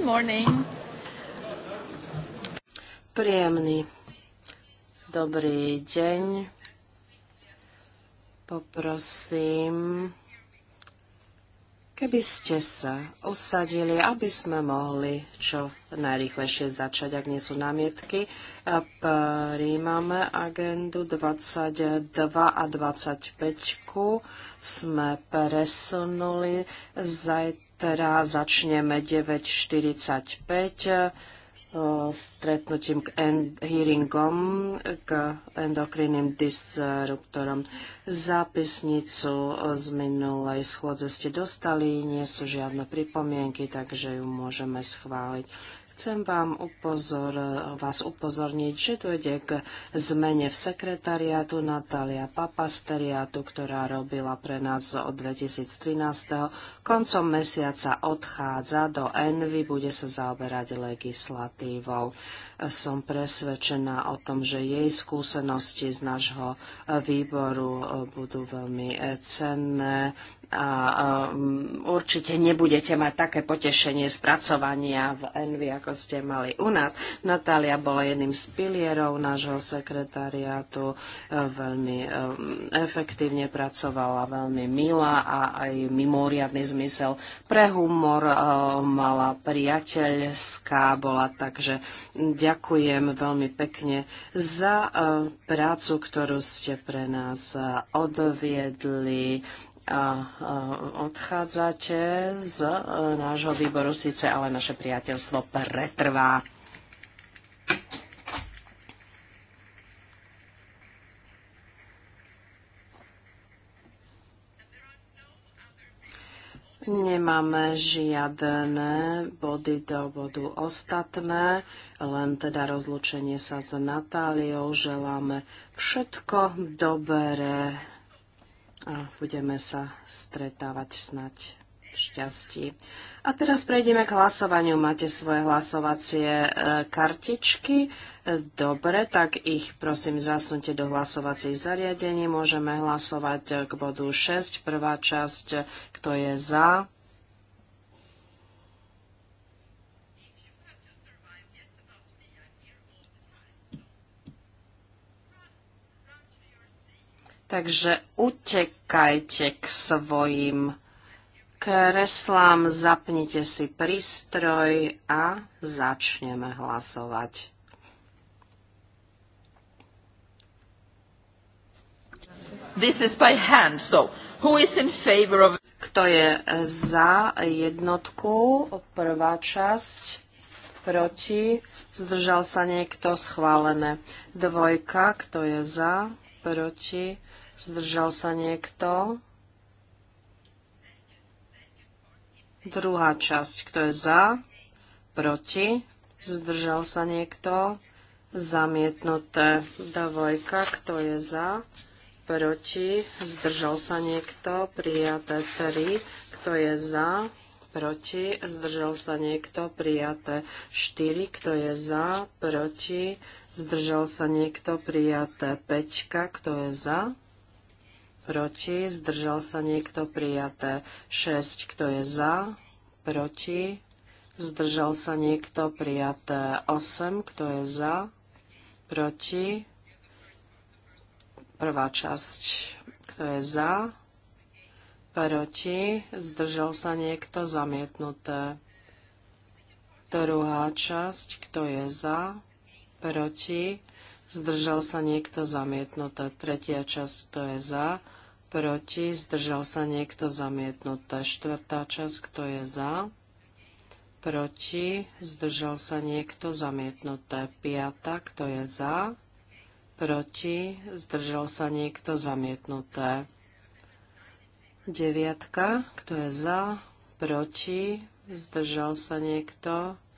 Good morning. Príjemný. Dobrý deň. Poprosím, keby ste sa usadili, aby sme mohli čo najrýchlejšie začať, ak nie sú námietky. Príjmame agendu 22 a 25. Sme presunuli zajtra teda začneme 9.45 eh, stretnutím k hearingom k endokrinným disruptorom. Zápisnicu z minulej schôdze ste dostali, nie sú žiadne pripomienky, takže ju môžeme schváliť. Chcem vám upozor, vás upozorniť, že dojde k zmene v sekretariátu Natália Papasteriátu, ktorá robila pre nás od 2013. Koncom mesiaca odchádza do Envy, bude sa zaoberať legislatívou som presvedčená o tom, že jej skúsenosti z nášho e, výboru e, budú veľmi e, cenné a mm, určite nebudete mať také potešenie spracovania v Envy, ako ste mali u nás. Natália bola jedným z pilierov nášho sekretariátu, veľmi mm, efektívne pracovala, veľmi milá a aj mimoriadný zmysel pre humor mala priateľská, bola takže ďakujem ďakujem veľmi pekne za eh, prácu, ktorú ste pre nás eh, odviedli a eh, odchádzate z nášho výboru, síce ale naše priateľstvo pretrvá. Nemáme žiadne body do bodu ostatné, len teda rozlučenie sa s Natáliou. Želáme všetko dobré a budeme sa stretávať snať šťastí. A teraz prejdeme k hlasovaniu. Máte svoje hlasovacie e, kartičky. E, dobre, tak ich prosím zasunte do hlasovacích zariadení. Môžeme hlasovať e, k bodu 6. Prvá časť, kto je za? Takže utekajte k svojim kreslám, zapnite si prístroj a začneme hlasovať. This is by hand, so who is in favor of... Kto je za jednotku, prvá časť, proti, zdržal sa niekto, schválené. Dvojka, kto je za, proti, zdržal sa niekto, Druhá časť, kto je za, proti, zdržal sa niekto, zamietnuté. Dvojka, kto je za, proti, zdržal sa niekto, prijaté tri, kto je za, proti, zdržal sa niekto, prijaté štyri, kto je za, proti, zdržal sa niekto, prijaté peťka, kto je za, proti, zdržal sa niekto prijaté. 6, kto je za, proti, zdržal sa niekto prijaté. 8, kto je za, proti, prvá časť, kto je za, proti, zdržal sa niekto zamietnuté. Druhá časť, kto je za, proti, zdržal sa niekto zamietnuté. Tretia časť, kto je za, proti, zdržal sa niekto zamietnuté. Štvrtá časť, kto je za, proti, zdržal sa niekto zamietnuté. Piata, kto je za, proti, zdržal sa niekto zamietnuté. Deviatka, kto je za, proti, zdržal sa niekto zamietnuté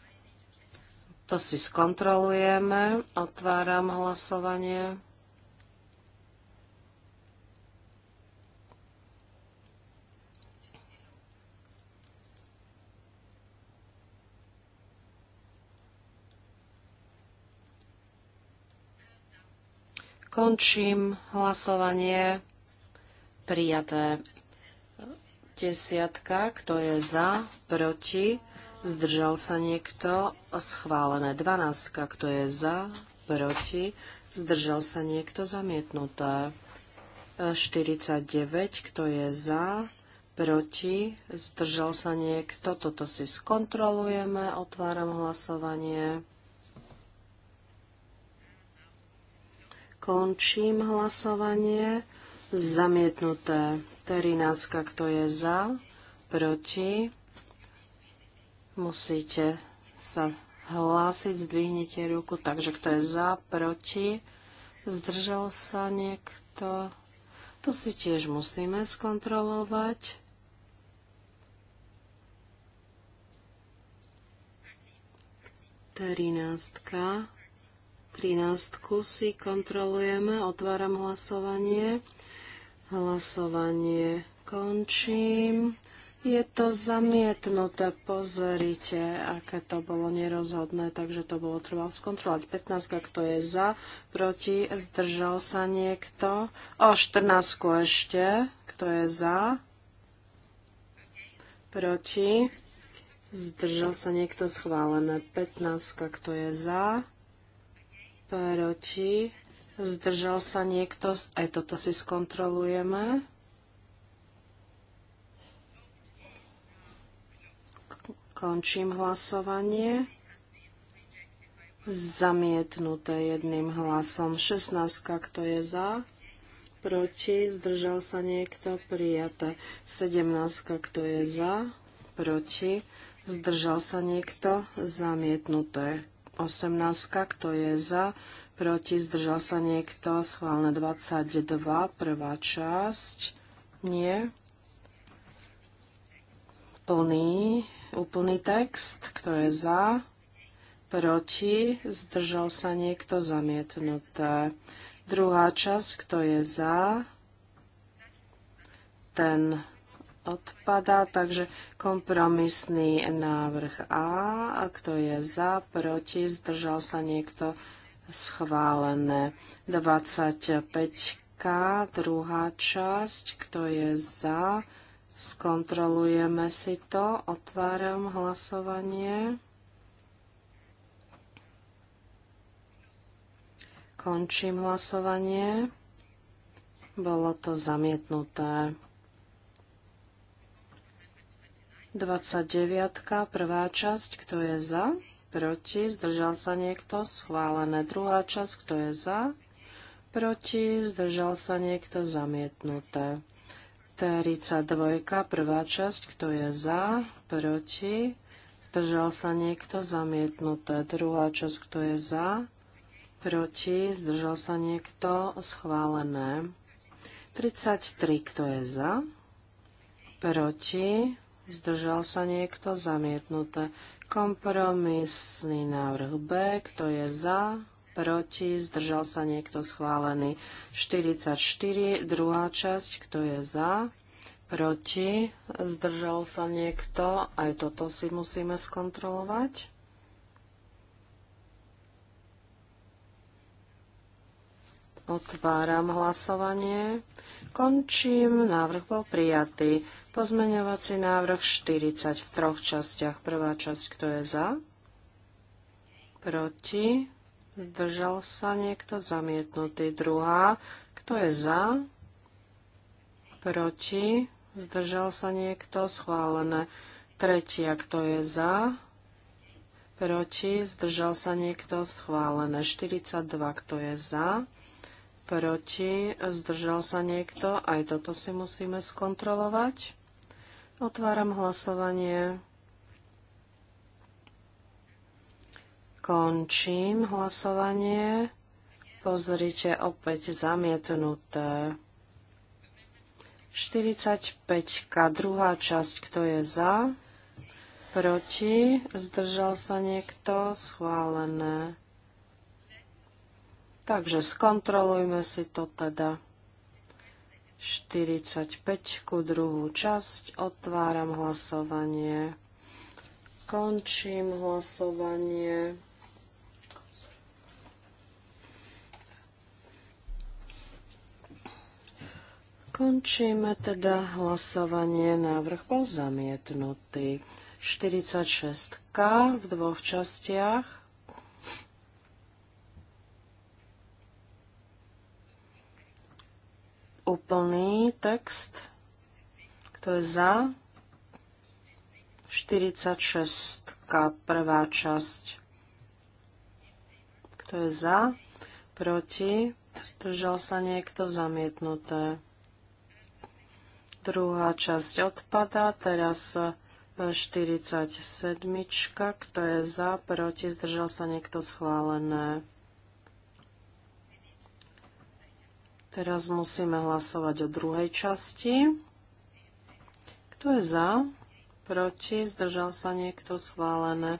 to si skontrolujeme. Otváram hlasovanie. Končím hlasovanie. Prijaté. Desiatka, kto je za, proti, Zdržal sa niekto? Schválené. 12. Kto je za? Proti? Zdržal sa niekto? Zamietnuté. 49. E, Kto je za? Proti? Zdržal sa niekto? Toto si skontrolujeme. Otváram hlasovanie. Končím hlasovanie. Zamietnuté. 13. Kto je za? Proti? Musíte sa hlásiť, zdvihnete ruku. Takže kto je za, proti, zdržal sa niekto. To si tiež musíme skontrolovať. Trináctka. Trináctku si kontrolujeme. Otváram hlasovanie. Hlasovanie končím. Je to zamietnuté, pozrite, aké to bolo nerozhodné, takže to bolo treba skontrolovať. 15, kto je za, proti, zdržal sa niekto. O, 14 ešte, kto je za, proti, zdržal sa niekto schválené. 15, kto je za, proti, zdržal sa niekto, aj toto si skontrolujeme. Končím hlasovanie. Zamietnuté jedným hlasom. 16. Kto je za? Proti? Zdržal sa niekto? Prijaté. 17. Kto je za? Proti? Zdržal sa niekto? Zamietnuté. 18. Kto je za? Proti? Zdržal sa niekto? Schválne 22. Prvá časť. Nie. Plný úplný text. Kto je za? Proti? Zdržal sa niekto? Zamietnuté. Druhá časť. Kto je za? Ten odpadá, takže kompromisný návrh A. A kto je za? Proti? Zdržal sa niekto? Schválené. 25 druhá časť. Kto je za? Proti? Skontrolujeme si to. Otváram hlasovanie. Končím hlasovanie. Bolo to zamietnuté. 29. prvá časť, kto je za? Proti, zdržal sa niekto? Schválené. Druhá časť, kto je za? Proti, zdržal sa niekto? Zamietnuté. 42, prvá časť, kto je za, proti, zdržal sa niekto, zamietnuté. Druhá časť, kto je za, proti, zdržal sa niekto, schválené. 33, kto je za, proti, zdržal sa niekto, zamietnuté. Kompromisný návrh B, kto je za, proti, zdržal sa niekto schválený. 44, druhá časť, kto je za, proti, zdržal sa niekto, aj toto si musíme skontrolovať. Otváram hlasovanie. Končím. Návrh bol prijatý. Pozmeňovací návrh 40 v troch častiach. Prvá časť, kto je za? Proti? Zdržal sa niekto zamietnutý. Druhá. Kto je za? Proti? Zdržal sa niekto schválené. Tretia. Kto je za? Proti? Zdržal sa niekto schválené. 42. Kto je za? Proti? Zdržal sa niekto? Aj toto si musíme skontrolovať. Otváram hlasovanie. Končím hlasovanie. Pozrite, opäť zamietnuté. 45. Druhá časť, kto je za? Proti? Zdržal sa niekto? Schválené. Takže skontrolujme si to teda. 45. Druhú časť. Otváram hlasovanie. Končím hlasovanie. Končíme teda hlasovanie. Návrh bol zamietnutý. 46 v dvoch častiach. Úplný text. Kto je za? 46 prvá časť. Kto je za? Proti? Stržal sa niekto zamietnuté. Druhá časť odpadá, teraz 47, e, kto je za, proti, zdržal sa niekto schválené. Teraz musíme hlasovať o druhej časti. Kto je za, proti, zdržal sa niekto schválené.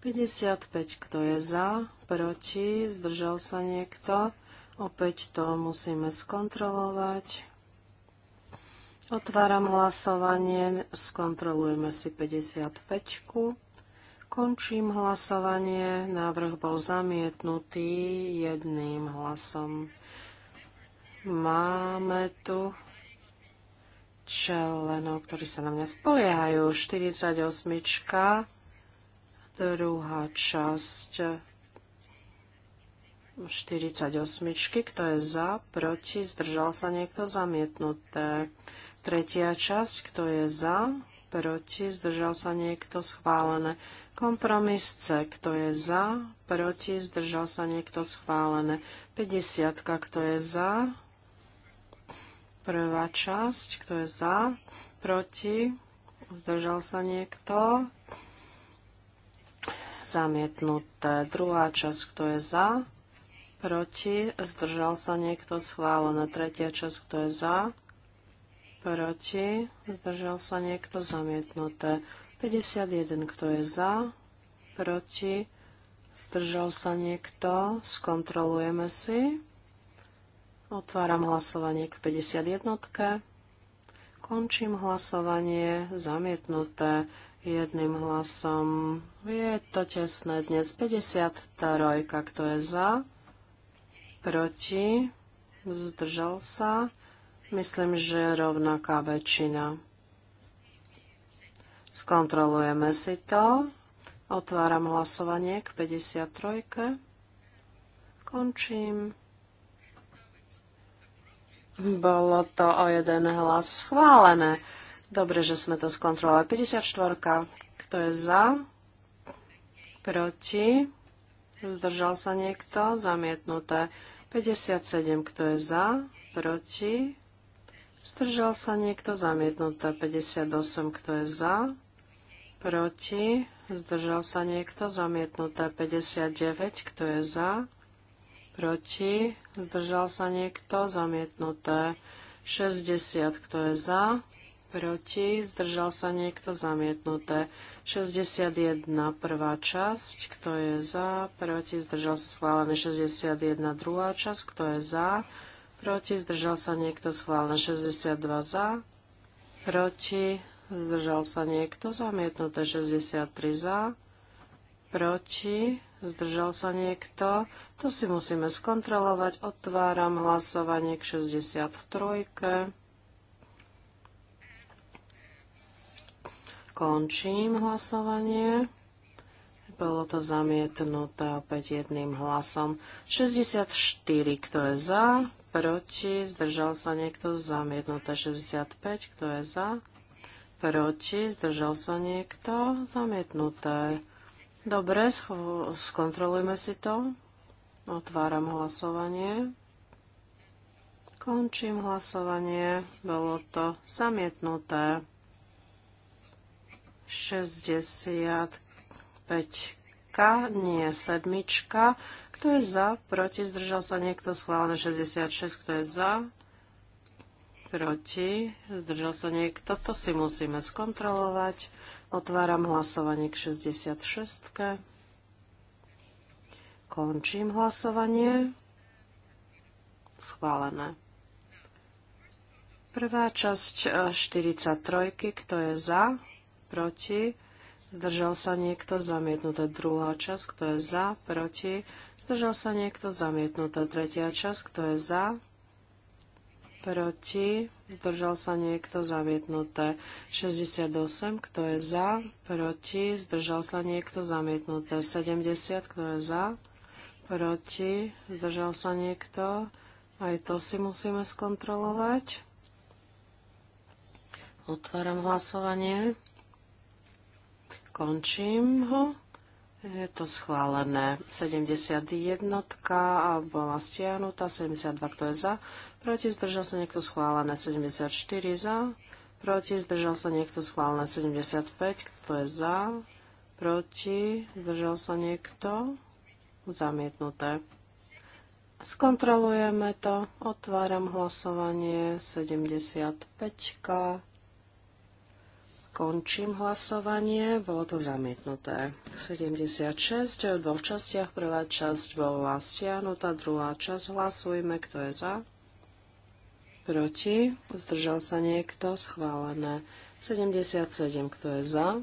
55, kto je za, proti, zdržal sa niekto. Opäť to musíme skontrolovať. Otváram hlasovanie, skontrolujeme si 55. Končím hlasovanie, návrh bol zamietnutý jedným hlasom. Máme tu členov, ktorí sa na mňa spoliehajú. 48. druhá časť 48. Kto je za, proti, zdržal sa niekto zamietnuté. Tretia časť, kto je za, proti, zdržal sa niekto, schválené. Kompromis C, kto je za, proti, zdržal sa niekto, schválené. 50, kto je za, prvá časť, kto je za, proti, zdržal sa niekto, zamietnuté. Druhá časť, kto je za, proti, zdržal sa niekto, schválené. Tretia časť, kto je za, proti, zdržal sa niekto zamietnuté. 51, kto je za, proti, zdržal sa niekto, skontrolujeme si. Otváram hlasovanie k 51. Končím hlasovanie, zamietnuté jedným hlasom. Je to tesné dnes 53, kto je za, proti, zdržal sa, Myslím, že rovnaká väčšina. Skontrolujeme si to. Otváram hlasovanie k 53. Končím. Bolo to o jeden hlas schválené. Dobre, že sme to skontrolovali. 54. Kto je za? Proti? Zdržal sa niekto? Zamietnuté. 57. Kto je za? Proti? Zdržal sa niekto zamietnuté 58, kto je za. Proti. Zdržal sa niekto zamietnuté 59, kto je za. Proti. Zdržal sa niekto zamietnuté 60, kto je za. Proti. Zdržal sa niekto zamietnuté 61, prvá časť, kto je za. Proti. Zdržal sa schválený 61, druhá časť, kto je za proti, zdržal sa niekto, schválne 62 za, proti, zdržal sa niekto, zamietnuté 63 za, proti, zdržal sa niekto, to si musíme skontrolovať, otváram hlasovanie k 63. Končím hlasovanie. Bolo to zamietnuté opäť jedným hlasom. 64, kto je za? proti, zdržal sa niekto, zamietnuté 65, kto je za, proti, zdržal sa niekto, zamietnuté. Dobre, skontrolujme si to. Otváram hlasovanie. Končím hlasovanie. Bolo to zamietnuté. 65 nie sedmička. Kto je za? Proti? Zdržal sa niekto? Schválené 66. Kto je za? Proti? Zdržal sa niekto? To si musíme skontrolovať. Otváram hlasovanie k 66. Končím hlasovanie. Schválené. Prvá časť 43. Eh, Kto je za? Proti? Zdržal sa niekto zamietnuté druhá časť, kto je za, proti. Zdržal sa niekto zamietnuté tretia časť, kto je za, proti. Zdržal sa niekto zamietnuté 68, kto je za, proti. Zdržal sa niekto zamietnuté 70, kto je za, proti. Zdržal sa niekto. Aj to si musíme skontrolovať. Otváram hlasovanie. Končím ho. Je to schválené. 71 bola stiahnutá, 72 kto je za, proti zdržal sa niekto schválené, 74 za, proti zdržal sa niekto schválené, 75 kto je za, proti zdržal sa niekto, zamietnuté. Skontrolujeme to, otváram hlasovanie, 75. Končím hlasovanie. Bolo to zamietnuté. 76 v dvoch častiach. Prvá časť bola stiahnutá, druhá časť hlasujme. Kto je za? Proti? Zdržal sa niekto? Schválené. 77. Kto je za?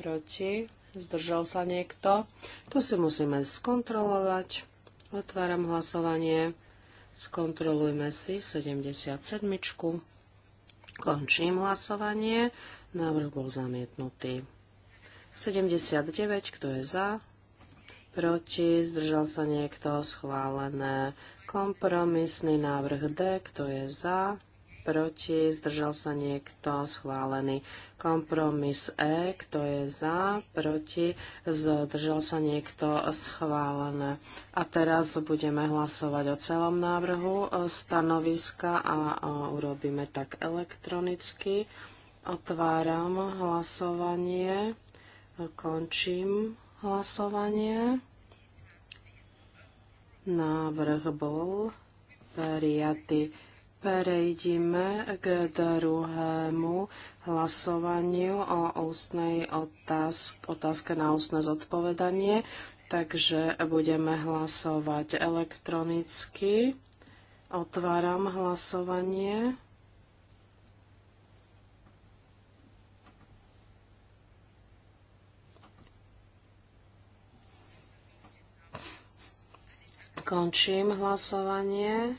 Proti? Zdržal sa niekto? To si musíme skontrolovať. Otváram hlasovanie. Skontrolujme si 77. Končím hlasovanie. Návrh bol zamietnutý. 79, kto je za? Proti, zdržal sa niekto, schválené. Kompromisný návrh D, kto je za? Proti, zdržal sa niekto, schválený. Kompromis E, kto je za? Proti, zdržal sa niekto, schválené. A teraz budeme hlasovať o celom návrhu e, stanoviska a e, urobíme tak elektronicky. Otváram hlasovanie. Končím hlasovanie. Návrh bol prijatý. Prejdime k druhému hlasovaniu o ústnej otázke, otázke na ústne zodpovedanie. Takže budeme hlasovať elektronicky. Otváram hlasovanie. Končím hlasovanie.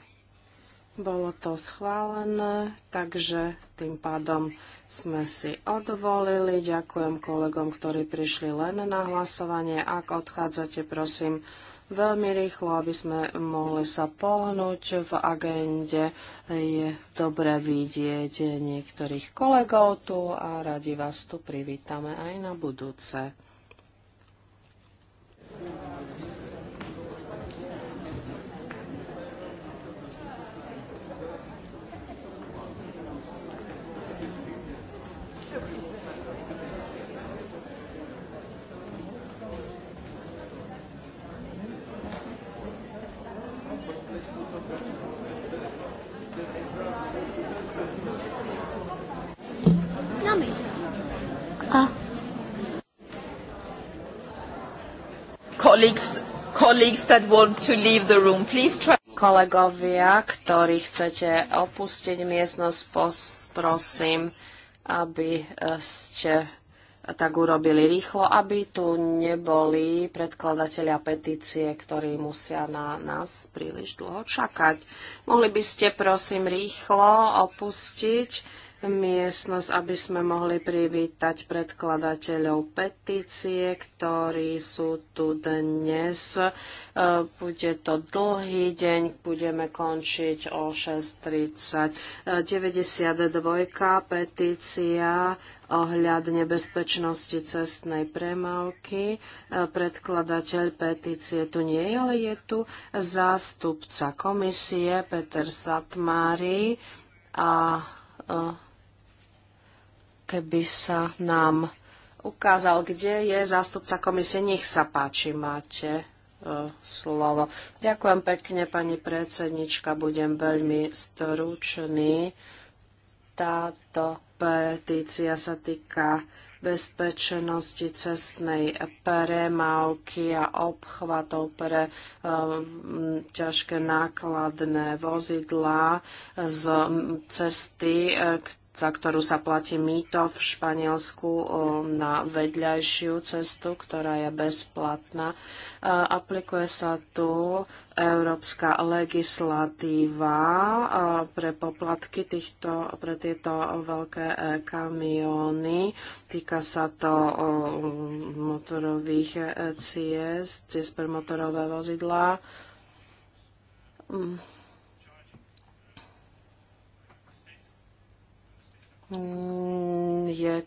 Bolo to schválené, takže tým pádom sme si odvolili. Ďakujem kolegom, ktorí prišli len na hlasovanie. Ak odchádzate, prosím, veľmi rýchlo, aby sme mohli sa pohnúť v agende. Je dobre vidieť niektorých kolegov tu a radi vás tu privítame aj na budúce. that want to leave the room, please try... Kolegovia, ktorí chcete opustiť miestnosť, prosím, aby eh, ste tak urobili rýchlo, aby tu neboli predkladatelia petície, ktorí musia na nás príliš dlho čakať. Mohli by ste prosím rýchlo opustiť miestnosť, aby sme mohli privítať predkladateľov petície, ktorí sú tu dnes. E, bude to dlhý deň, budeme končiť o 6.30. 92. E, petícia ohľadne bezpečnosti cestnej premávky. E, predkladateľ petície tu nie je, ale je tu zástupca komisie Peter Satmári a uh, keby sa nám ukázal, kde je zástupca komisie. Nech sa páči, máte e, slovo. Ďakujem pekne, pani predsednička, budem veľmi stručný. Táto petícia sa týka bezpečnosti cestnej premávky a obchvatov pre um, ťažké nákladné vozidlá z cesty, ktoré e, za ktorú sa platí mýto v Španielsku na vedľajšiu cestu, ktorá je bezplatná. Aplikuje sa tu európska legislatíva pre poplatky týchto, pre tieto veľké e, kamióny. Týka sa to motorových e, ciest, ciest pre motorové vozidlá. Mm. Mm, je,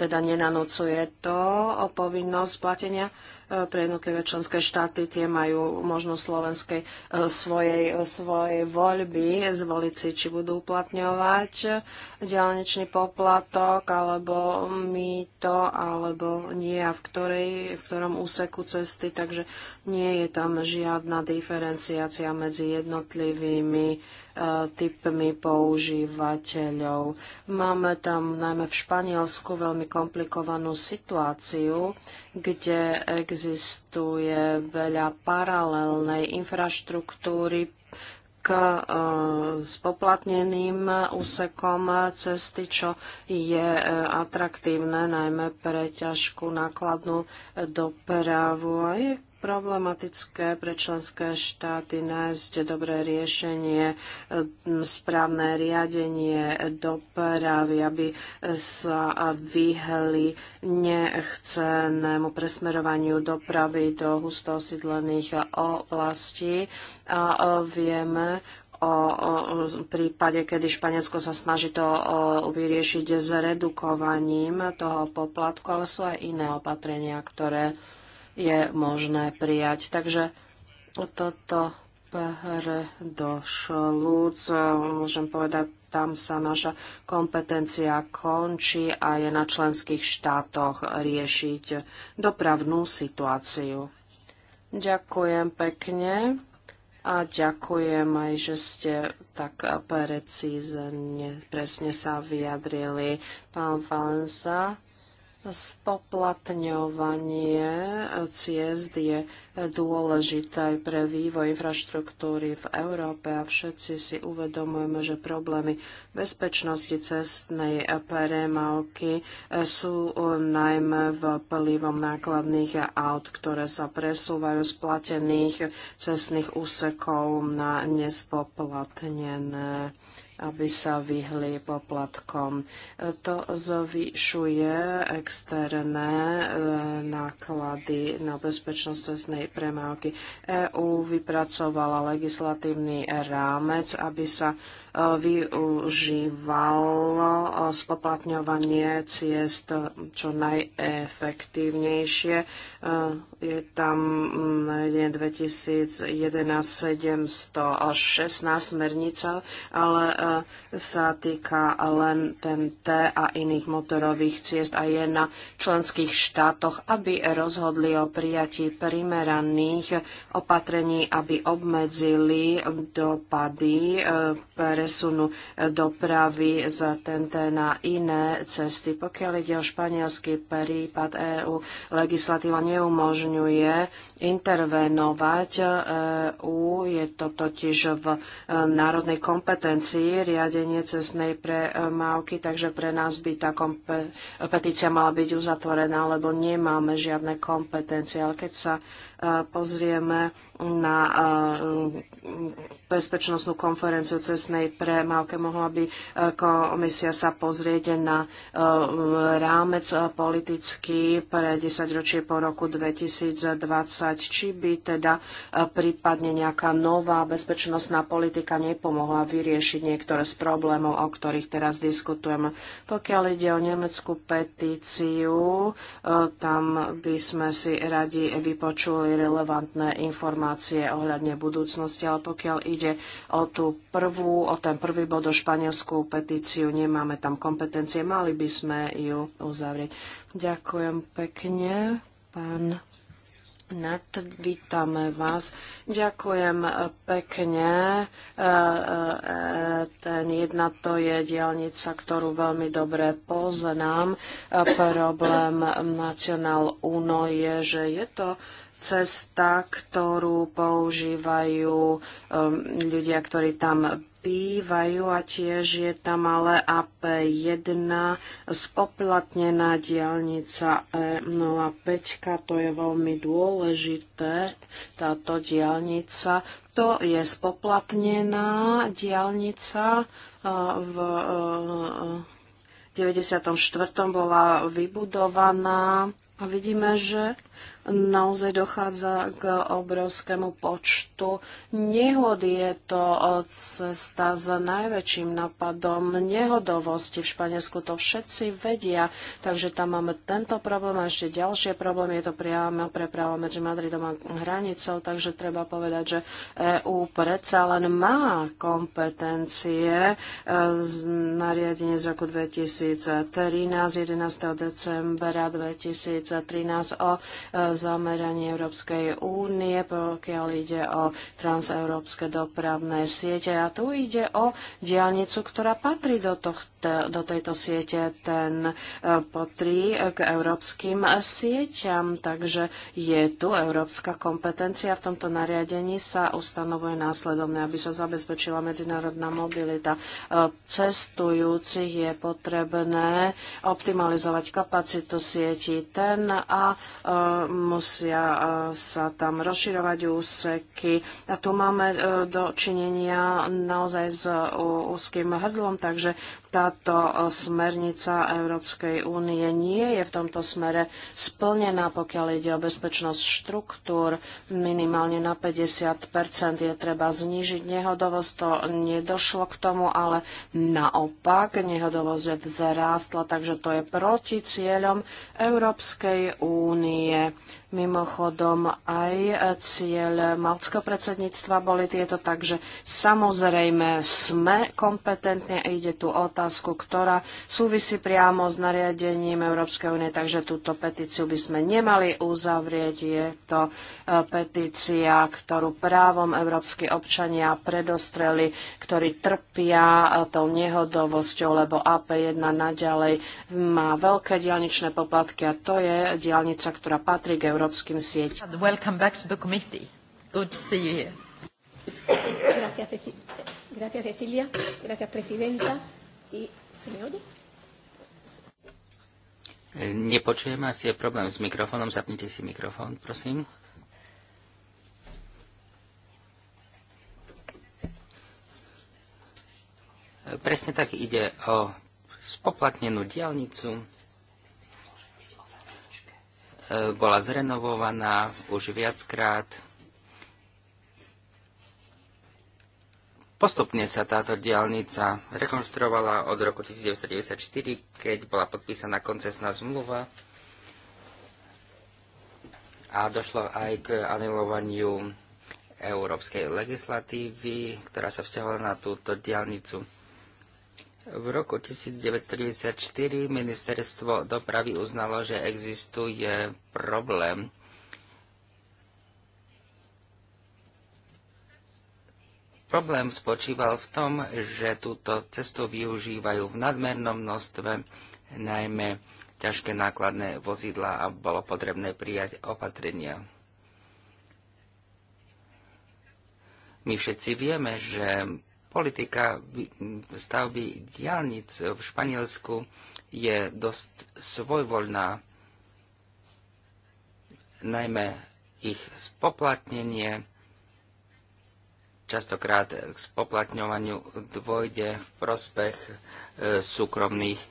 teda nenanúcuje to povinnosť platenia E, pre jednotlivé členské štáty. Tie majú možnosť slovenskej e, svojej, e, svojej voľby zvoliť si, či budú uplatňovať diálničný poplatok alebo mýto alebo nie a v, ktorej, v ktorom úseku cesty. Takže nie je tam žiadna diferenciácia medzi jednotlivými typmi používateľov. Máme tam najmä v Španielsku veľmi komplikovanú situáciu, kde existujú existuje veľa paralelnej infraštruktúry k e, spoplatneným úsekom cesty, čo je e, atraktívne najmä pre ťažkú nákladnú dopravu. A je problematické pre členské štáty nájsť dobré riešenie, e, správne riadenie dopravy, aby sa vyhli nechcenému presmerovaniu dopravy do husto osídlených oblastí. A vieme, o, prípade, kedy Španielsko sa snaží to vyriešiť s redukovaním toho poplatku, ale sú aj iné opatrenia, ktoré je možné prijať. Takže toto predošľúc, môžem povedať, tam sa naša kompetencia končí a je na členských štátoch riešiť dopravnú situáciu. Ďakujem pekne a ďakujem aj, že ste tak precízne, presne sa vyjadrili. Pán Valenza, Spoplatňovanie ciest je dôležité aj pre vývoj infraštruktúry v Európe a všetci si uvedomujeme, že problémy bezpečnosti cestnej peremávky sú najmä v plivom nákladných aut, ktoré sa presúvajú z platených cestných úsekov na nespoplatnené aby sa vyhli poplatkom. To zvyšuje externé e, náklady na bezpečnosť cestnej premávky. EÚ e vypracovala legislatívny rámec, aby sa využívalo eh, spoplatňovanie ciest eh, čo najefektívnejšie. Eh, je tam 2011 mm, 716 smernica, ale sa týka len T a iných motorových ciest a je na členských štátoch, aby rozhodli o prijatí primeraných opatrení, aby obmedzili dopady pre presunu dopravy z TNT na iné cesty. Pokiaľ ide o španielský prípad EÚ, legislatíva neumožňuje intervenovať EÚ. Je to totiž v e, národnej kompetencii riadenie cestnej premávky, takže pre nás by tá petícia mala byť uzatvorená, lebo nemáme žiadne kompetencie. Ale keď sa e, pozrieme na eh, bezpečnostnú konferenciu cestnej pre Malke. Mohla by eh, komisia sa pozrieť na eh, rámec politický pre 10 ročie po roku 2020, či by teda prípadne nejaká nová bezpečnostná politika nepomohla vyriešiť niektoré z problémov, o ktorých teraz diskutujeme. Pokiaľ ide o nemeckú petíciu, tam by sme si radi vypočuli relevantné informácie informácie ohľadne budúcnosti, ale pokiaľ ide o tú prvú, o ten prvý bod o španielskú petíciu, nemáme tam kompetencie, mali by sme ju uzavrieť. Ďakujem pekne, pán Nat, vítame vás. Ďakujem pekne. E, e, ten jedna to je dielnica, ktorú veľmi dobre poznám. E, problém National Uno je, že je to cesta, ktorú používajú um, ľudia, ktorí tam bývajú a tiež je tam ale AP1 spoplatnená diálnica E05. To je veľmi dôležité, táto diálnica. To je spoplatnená diálnica uh, v 94. Uh, uh, bola vybudovaná a vidíme, že naozaj dochádza k obrovskému počtu nehod. Je to e, cesta s najväčším napadom nehodovosti. V Španielsku to všetci vedia, takže tam máme tento problém a ešte ďalšie problém. Je to priamo preprava medzi Madridom a hranicou, takže treba povedať, že EU predsa len má kompetencie e, z nariadenie z roku 2013, 11. decembra 2013 o e, zameranie Európskej únie, pokiaľ ide o transeurópske dopravné siete. A tu ide o diálnicu, ktorá patrí do, tohto, do tejto siete. Ten e, patrí k európskym sieťam, takže je tu európska kompetencia. V tomto nariadení sa ustanovuje následovné, aby sa zabezpečila medzinárodná mobilita e, cestujúcich je potrebné optimalizovať kapacitu sieti ten a e, musia e, sa tam rozširovať úseky. A tu máme e, dočinenia naozaj s e, úzkým hrdlom, takže táto smernica Európskej únie nie je v tomto smere splnená, pokiaľ ide o bezpečnosť štruktúr. Minimálne na 50 je treba znížiť nehodovosť. To nedošlo k tomu, ale naopak nehodovosť vzrástla, takže to je proti cieľom Európskej únie. Mimochodom, aj cieľ malckého predsedníctva boli tieto, takže samozrejme sme kompetentní a ide tu otázku, ktorá súvisí priamo s nariadením Európskej únie, takže túto petíciu by sme nemali uzavrieť. Je to e, petícia, ktorú právom európsky občania predostreli, ktorí trpia e, tou nehodovosťou, lebo AP1 naďalej má veľké dialničné poplatky a to je dialnica, ktorá patrí k Európskej európskym sieť. Welcome back to the committee. Good to see you here. Gracias, Gracias Cecilia. Gracias, presidenta. Y, ¿Se me oye? Eh, nepočujeme, asi je problém s mikrofónom. Zapnite si mikrofón, prosím. Eh, presne tak ide o spoplatnenú diálnicu, E, bola zrenovovaná už viackrát. Postupne sa táto diálnica rekonštruovala od roku 1994, keď bola podpísaná koncesná zmluva a došlo aj k anilovaniu európskej legislatívy, ktorá sa vzťahovala na túto diálnicu. V roku 1994 ministerstvo dopravy uznalo, že existuje problém Problém spočíval v tom, že túto cestu využívajú v nadmernom množstve najmä ťažké nákladné vozidla a bolo potrebné prijať opatrenia. My všetci vieme, že Politika stavby diálnic v Španielsku je dosť svojvoľná, najmä ich spoplatnenie. Častokrát k spoplatňovaniu dôjde v prospech e, súkromných e,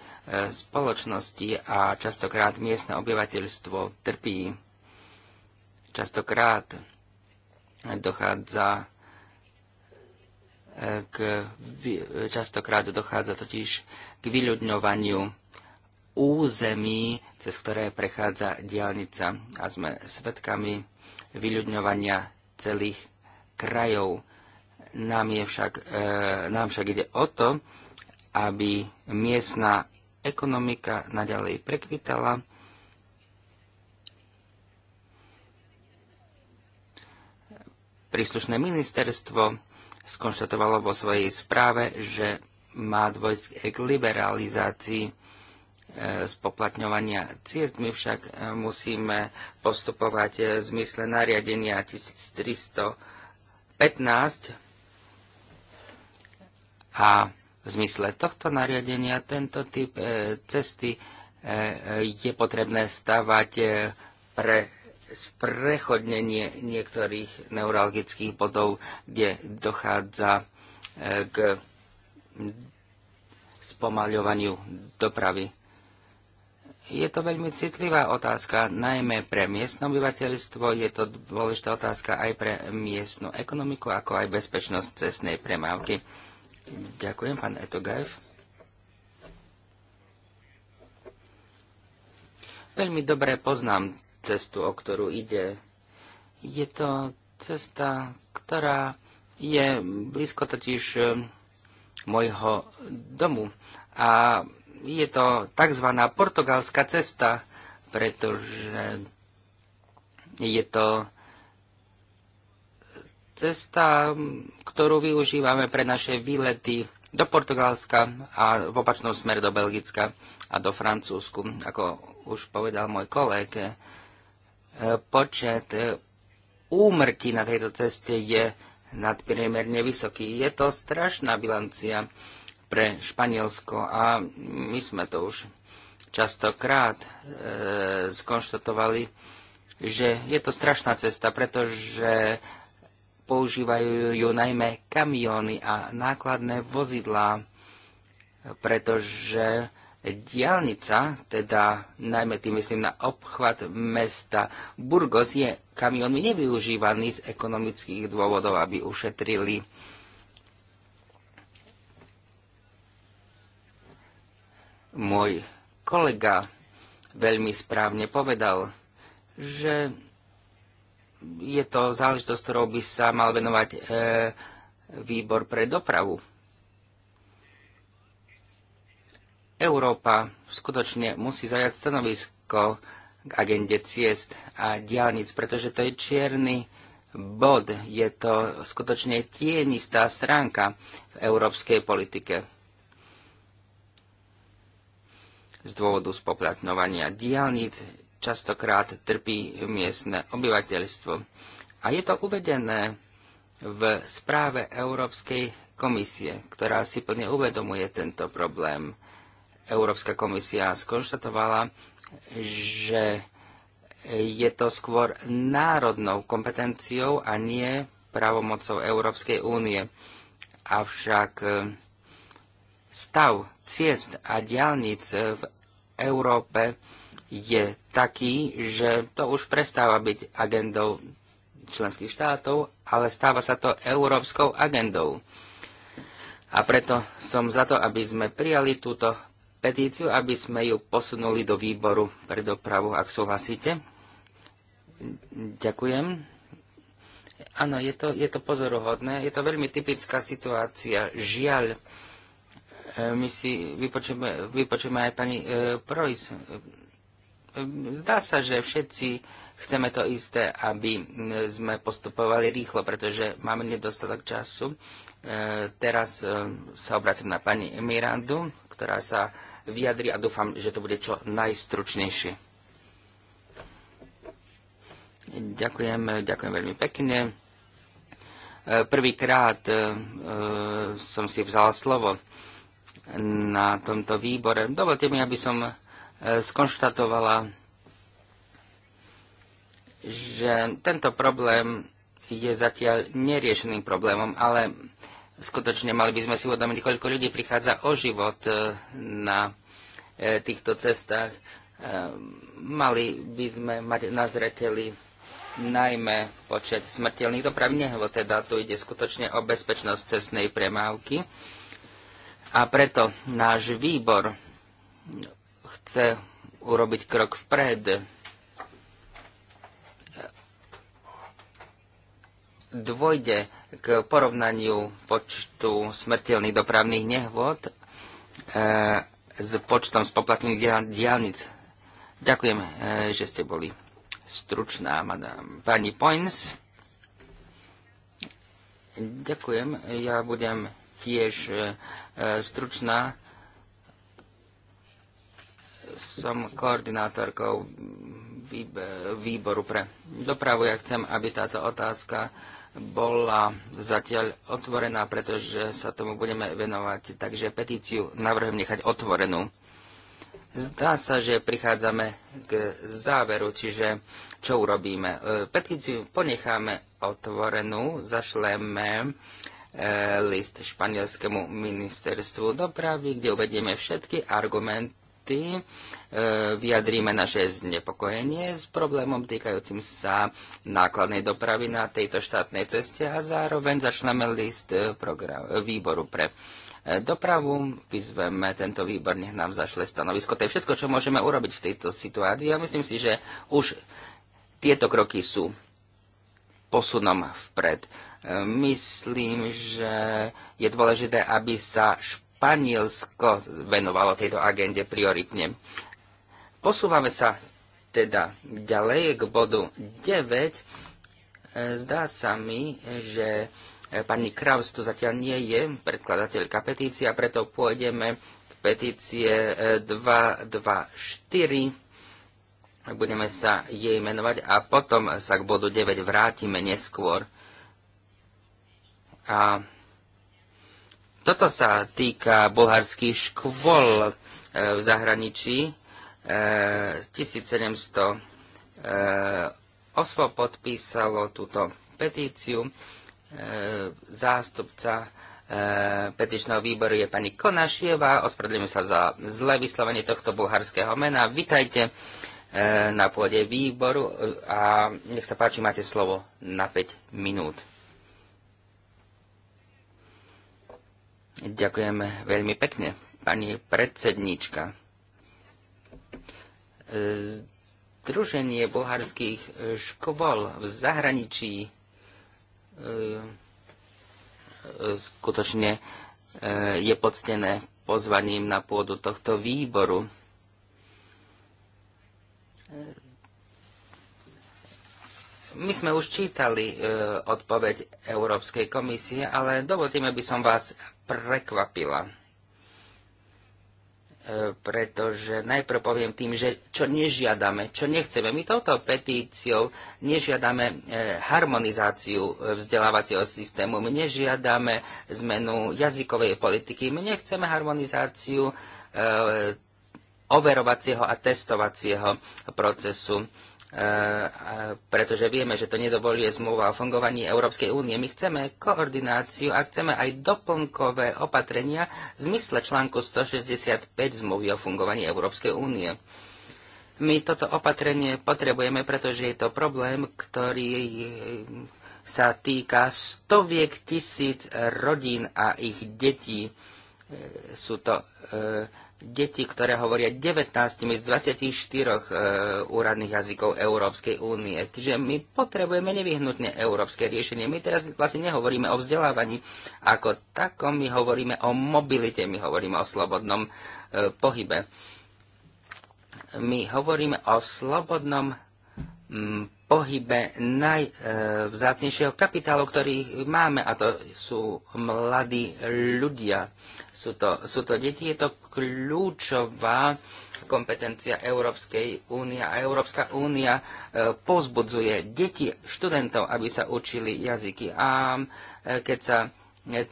spoločností a častokrát miestne obyvateľstvo trpí. Častokrát dochádza k, častokrát dochádza totiž k vyľudňovaniu území, cez ktoré prechádza diálnica. A sme svedkami vyľudňovania celých krajov. Nám, je však, e, nám však ide o to, aby miestna ekonomika naďalej prekvitala, príslušné ministerstvo skonštatovalo vo svojej správe, že má dôjsť k liberalizácii e, spoplatňovania ciest. My však e, musíme postupovať e, v zmysle nariadenia 1315 a v zmysle tohto nariadenia tento typ cesty je potrebné stavať pre sprechodnenie niektorých neuralgických bodov, kde dochádza e, k spomaľovaniu dopravy. Je to veľmi citlivá otázka, najmä pre miestne obyvateľstvo, je to dôležitá otázka aj pre miestnu ekonomiku, ako aj bezpečnosť cestnej premávky. Ďakujem, pán Etogajev. Veľmi dobre poznám cestu, o ktorú ide. Je to cesta, ktorá je blízko totiž e, môjho domu. A je to tzv. portugalská cesta, pretože je to cesta, ktorú využívame pre naše výlety do Portugalska a v opačnom smer do Belgicka a do Francúzsku. Ako už povedal môj kolega, počet e, úmrtí na tejto ceste je nadpriemerne vysoký. Je to strašná bilancia pre Španielsko a my sme to už častokrát e, skonštatovali, že je to strašná cesta, pretože používajú ju najmä kamióny a nákladné vozidlá, pretože Diálnica, teda najmä tým myslím na obchvat mesta Burgos, je kamionmi nevyužívaný z ekonomických dôvodov, aby ušetrili Môj kolega veľmi správne povedal, že je to záležitosť, ktorou by sa mal venovať e, výbor pre dopravu. Európa skutočne musí zajať stanovisko k agende ciest a diálnic, pretože to je čierny bod, je to skutočne tienistá stránka v európskej politike. Z dôvodu spoplatňovania diálnic častokrát trpí miestne obyvateľstvo. A je to uvedené v správe Európskej komisie, ktorá si plne uvedomuje tento problém. Európska komisia skonštatovala, že je to skôr národnou kompetenciou a nie právomocou Európskej únie. Avšak e, stav ciest a diálnic v Európe je taký, že to už prestáva byť agendou členských štátov, ale stáva sa to európskou agendou. A preto som za to, aby sme prijali túto petíciu, aby sme ju posunuli do výboru pre dopravu, ak súhlasíte. Ďakujem. Áno, je to, je to pozoruhodné. Je to veľmi typická situácia. Žiaľ, e, my si vypočujeme, vypočujeme aj pani e, Projs. E, zdá sa, že všetci chceme to isté, aby sme postupovali rýchlo, pretože máme nedostatok času. E, teraz e, sa obracím na pani Mirandu, ktorá sa vyjadri a dúfam, že to bude čo najstručnejšie. Ďakujem, ďakujem veľmi pekne. E, prvýkrát e, e, som si vzal slovo na tomto výbore. Dovolte mi, aby som skonštatovala, že tento problém je zatiaľ neriešeným problémom, ale Skutočne mali by sme si uvedomiť, koľko ľudí prichádza o život e, na e, týchto cestách. E, mali by sme mať na zreteli najmä počet smrteľných dopravných lebo teda tu ide skutočne o bezpečnosť cestnej premávky. A preto náš výbor chce urobiť krok vpred. Dvojde k porovnaniu počtu smrteľných dopravných nehôd e, s počtom spoplatných diálnic. Ďakujem, e, že ste boli stručná, madam. Pani Poins. Ďakujem, ja budem tiež e, e stručná. Som koordinátorkou výboru pre dopravu. Ja chcem, aby táto otázka e, bola zatiaľ otvorená, pretože sa tomu budeme venovať, takže petíciu navrhujem nechať otvorenú. Zdá sa, že prichádzame k záveru, čiže čo urobíme? E, petíciu ponecháme otvorenú, zašleme e, list španielskému ministerstvu dopravy, kde uvedieme všetky argumenty, debaty e, vyjadríme naše znepokojenie s problémom týkajúcim sa nákladnej dopravy na tejto štátnej ceste a zároveň začneme list e, e, výboru pre dopravu, vyzveme tento výbor, nech nám zašle stanovisko. To je všetko, čo môžeme urobiť v tejto situácii a myslím si, že už tieto kroky sú posunom vpred. Myslím, že je dôležité, aby sa šport Španielsko venovalo tejto agende prioritne. Posúvame sa teda ďalej k bodu 9. Zdá sa mi, že pani Kraus tu zatiaľ nie je predkladateľka petície preto pôjdeme k petície 224. E, Budeme sa jej menovať a potom sa k bodu 9 vrátime neskôr. A toto sa týka bulharských škôl e, v zahraničí. 1700 e, e, osôb podpísalo túto petíciu. Zástupca petičného výboru je pani Konašieva. Ospravedlňujem sa za zlé vyslovenie tohto bulharského mena. Vítajte na pôde výboru a nech sa páči, máte slovo na 5 minút. Ďakujem veľmi pekne, pani predsedníčka. E, Združenie bulharských škôl v zahraničí e, skutočne e, je poctené pozvaním na pôdu tohto výboru. My sme už čítali odpoveď Európskej komisie, ale dovolte mi, aby som vás prekvapila. E, pretože najprv poviem tým, že čo nežiadame, čo nechceme. My touto petíciou nežiadame e, harmonizáciu e, vzdelávacieho systému, my nežiadame zmenu jazykovej politiky, my nechceme harmonizáciu overovacieho a testovacieho procesu Eh, pretože vieme, že to nedovoluje zmluva o fungovaní Európskej únie. My chceme koordináciu a chceme aj doplnkové opatrenia v zmysle článku 165 zmluvy o fungovaní Európskej únie. My toto opatrenie potrebujeme, pretože je to problém, ktorý eh, sa týka stoviek tisíc rodín a ich detí. Eh, sú to e, deti, ktoré hovoria 19 z 24 e, úradných jazykov Európskej únie. Čiže my potrebujeme nevyhnutne európske riešenie. My teraz vlastne nehovoríme o vzdelávaní ako takom, my hovoríme o mobilite, my hovoríme o slobodnom e, pohybe. My hovoríme o slobodnom pohybe najvzácnejšieho kapitálu, ktorý máme, a to sú mladí ľudia. Sú to, sú to deti, je to kľúčová kompetencia Európskej únie a Európska únia e, pozbudzuje deti, študentov, aby sa učili jazyky. A e, keď sa e,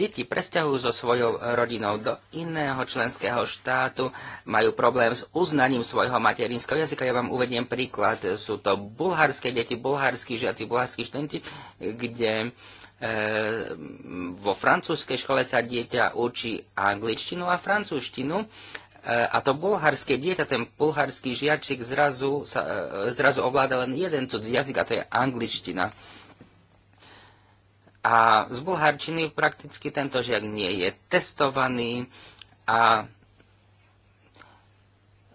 deti presťahujú so svojou rodinou do iného členského štátu, majú problém s uznaním svojho materinského jazyka. Ja vám uvediem príklad. Sú to bulharské deti, bulharskí žiaci, bulharskí študenti, kde e, vo francúzskej škole sa dieťa učí angličtinu a francúzštinu e, a to bulharské dieťa, ten bulharský žiačik zrazu, sa, e, zrazu ovláda len jeden cudzí jazyk a to je angličtina. A z bulharčiny prakticky tento žiak nie je testovaný a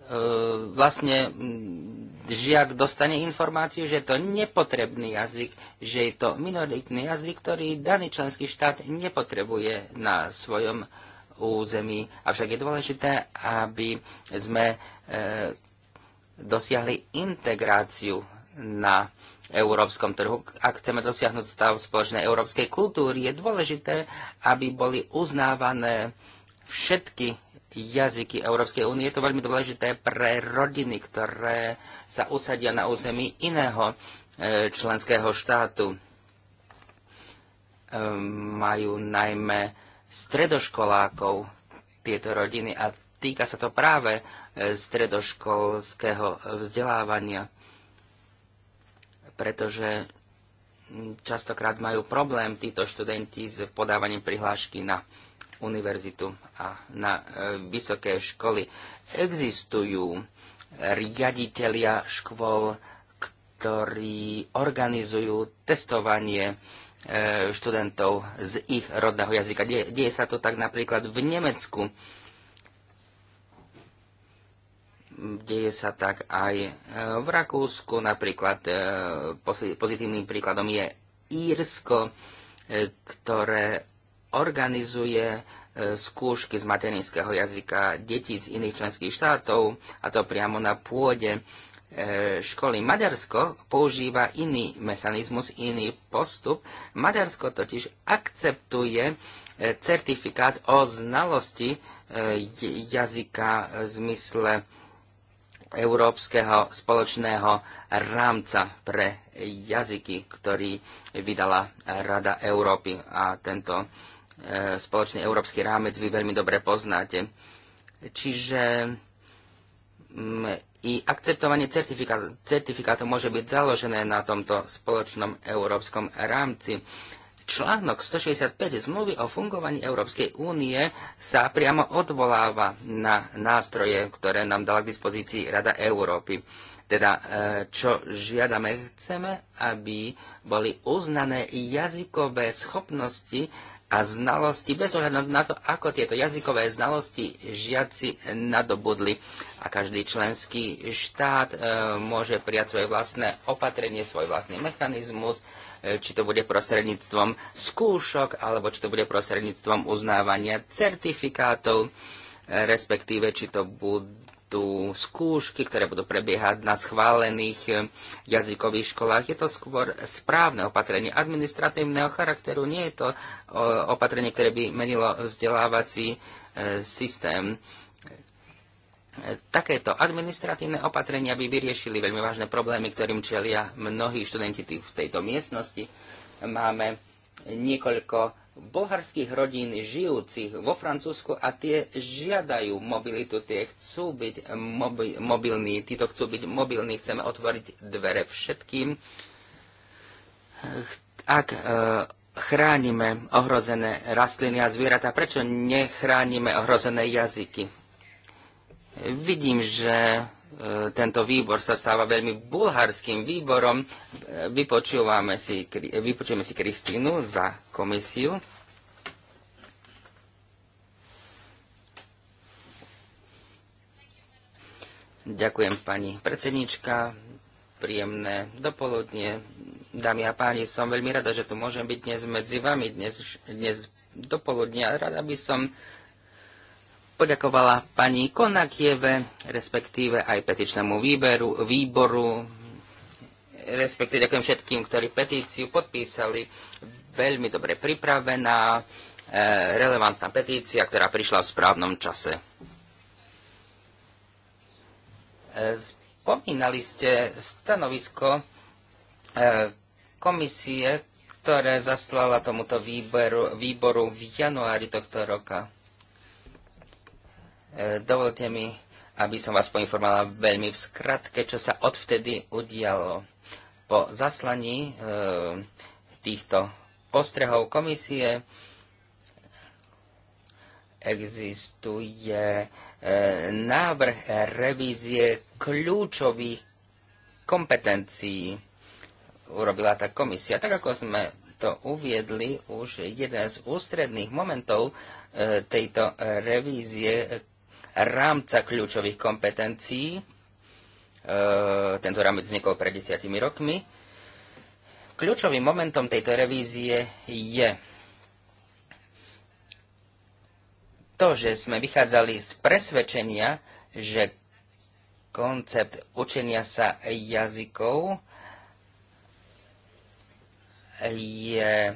e, vlastne mm, žiak dostane informáciu, že je to nepotrebný jazyk, že je to minoritný jazyk, ktorý daný členský štát nepotrebuje na svojom území. Avšak je dôležité, aby sme e, dosiahli integráciu na európskom trhu. Ak chceme dosiahnuť stav spoločnej európskej kultúry, je dôležité, aby boli uznávané všetky jazyky Európskej únie. Je to veľmi dôležité pre rodiny, ktoré sa usadia na území iného e, členského štátu. E, majú najmä stredoškolákov tieto rodiny a týka sa to práve e, stredoškolského vzdelávania pretože častokrát majú problém títo študenti s podávaním prihlášky na univerzitu a na e, vysoké školy. Existujú riaditeľia škôl, ktorí organizujú testovanie e, študentov z ich rodného jazyka. Deje, deje sa to tak napríklad v Nemecku deje sa tak aj e, v Rakúsku. Napríklad e, pozitívnym príkladom je Írsko, e, ktoré organizuje skúšky z materinského jazyka detí z iných členských štátov, a to priamo na pôde školy. Maďarsko používa iný mechanizmus, iný postup. Maďarsko totiž akceptuje certifikát o znalosti jazyka v zmysle Európskeho spoločného rámca pre jazyky, ktorý vydala Rada Európy. A tento e, spoločný európsky rámec vy veľmi dobre poznáte. Čiže mm, i akceptovanie certifikátov certifikátu môže byť založené na tomto spoločnom európskom rámci. Článok 165 zmluvy o fungovaní Európskej únie sa priamo odvoláva na nástroje, ktoré nám dala k dispozícii Rada Európy. Teda, e, čo žiadame, chceme, aby boli uznané jazykové schopnosti a znalosti, bez ohľadu na to, ako tieto jazykové znalosti žiaci nadobudli. A každý členský štát e, môže prijať svoje vlastné opatrenie, svoj vlastný mechanizmus E, či to bude prostredníctvom skúšok, alebo či to bude prostredníctvom uznávania certifikátov, e, respektíve či to budú skúšky, ktoré budú prebiehať na schválených e, jazykových školách. Je to skôr správne opatrenie administratívneho charakteru. Nie je to opatrenie, ktoré by menilo vzdelávací systém Takéto administratívne opatrenia by vyriešili veľmi vážne problémy, ktorým čelia mnohí študenti v tejto miestnosti. Máme niekoľko bulharských rodín žijúcich vo Francúzsku a tie žiadajú mobilitu, tie chcú byť mobi- mobilní, títo chcú byť mobilní, chceme otvoriť dvere všetkým. Ak e, chránime ohrozené rastliny a zvieratá, prečo nechránime ohrozené jazyky? Vidím, že e, tento výbor sa stáva veľmi bulharským výborom. Vypočúvame si, vypočujeme si Kristínu za komisiu. Ďakujem pani predsednička. Príjemné dopoludne. Dámy a páni, som veľmi rada, že tu môžem byť dnes medzi vami dnes, dnes dopoludne. Rada by som poďakovala pani Konakieve, respektíve aj petičnému výberu, výboru, respektíve ďakujem všetkým, ktorí petíciu podpísali. Veľmi dobre pripravená, e, relevantná petícia, ktorá prišla v správnom čase. E, spomínali ste stanovisko e, komisie, ktoré zaslala tomuto výboru, výboru v januári tohto roka. Dovolte mi, aby som vás poinformovala veľmi v skratke, čo sa odvtedy udialo. Po zaslaní e, týchto postrehov komisie existuje e, návrh revízie kľúčových kompetencií. Urobila tá komisia. Tak ako sme to uviedli, už jeden z ústredných momentov e, tejto revízie rámca kľúčových kompetencií. E, tento rámec vznikol pred desiatimi rokmi. Kľúčovým momentom tejto revízie je to, že sme vychádzali z presvedčenia, že koncept učenia sa jazykov je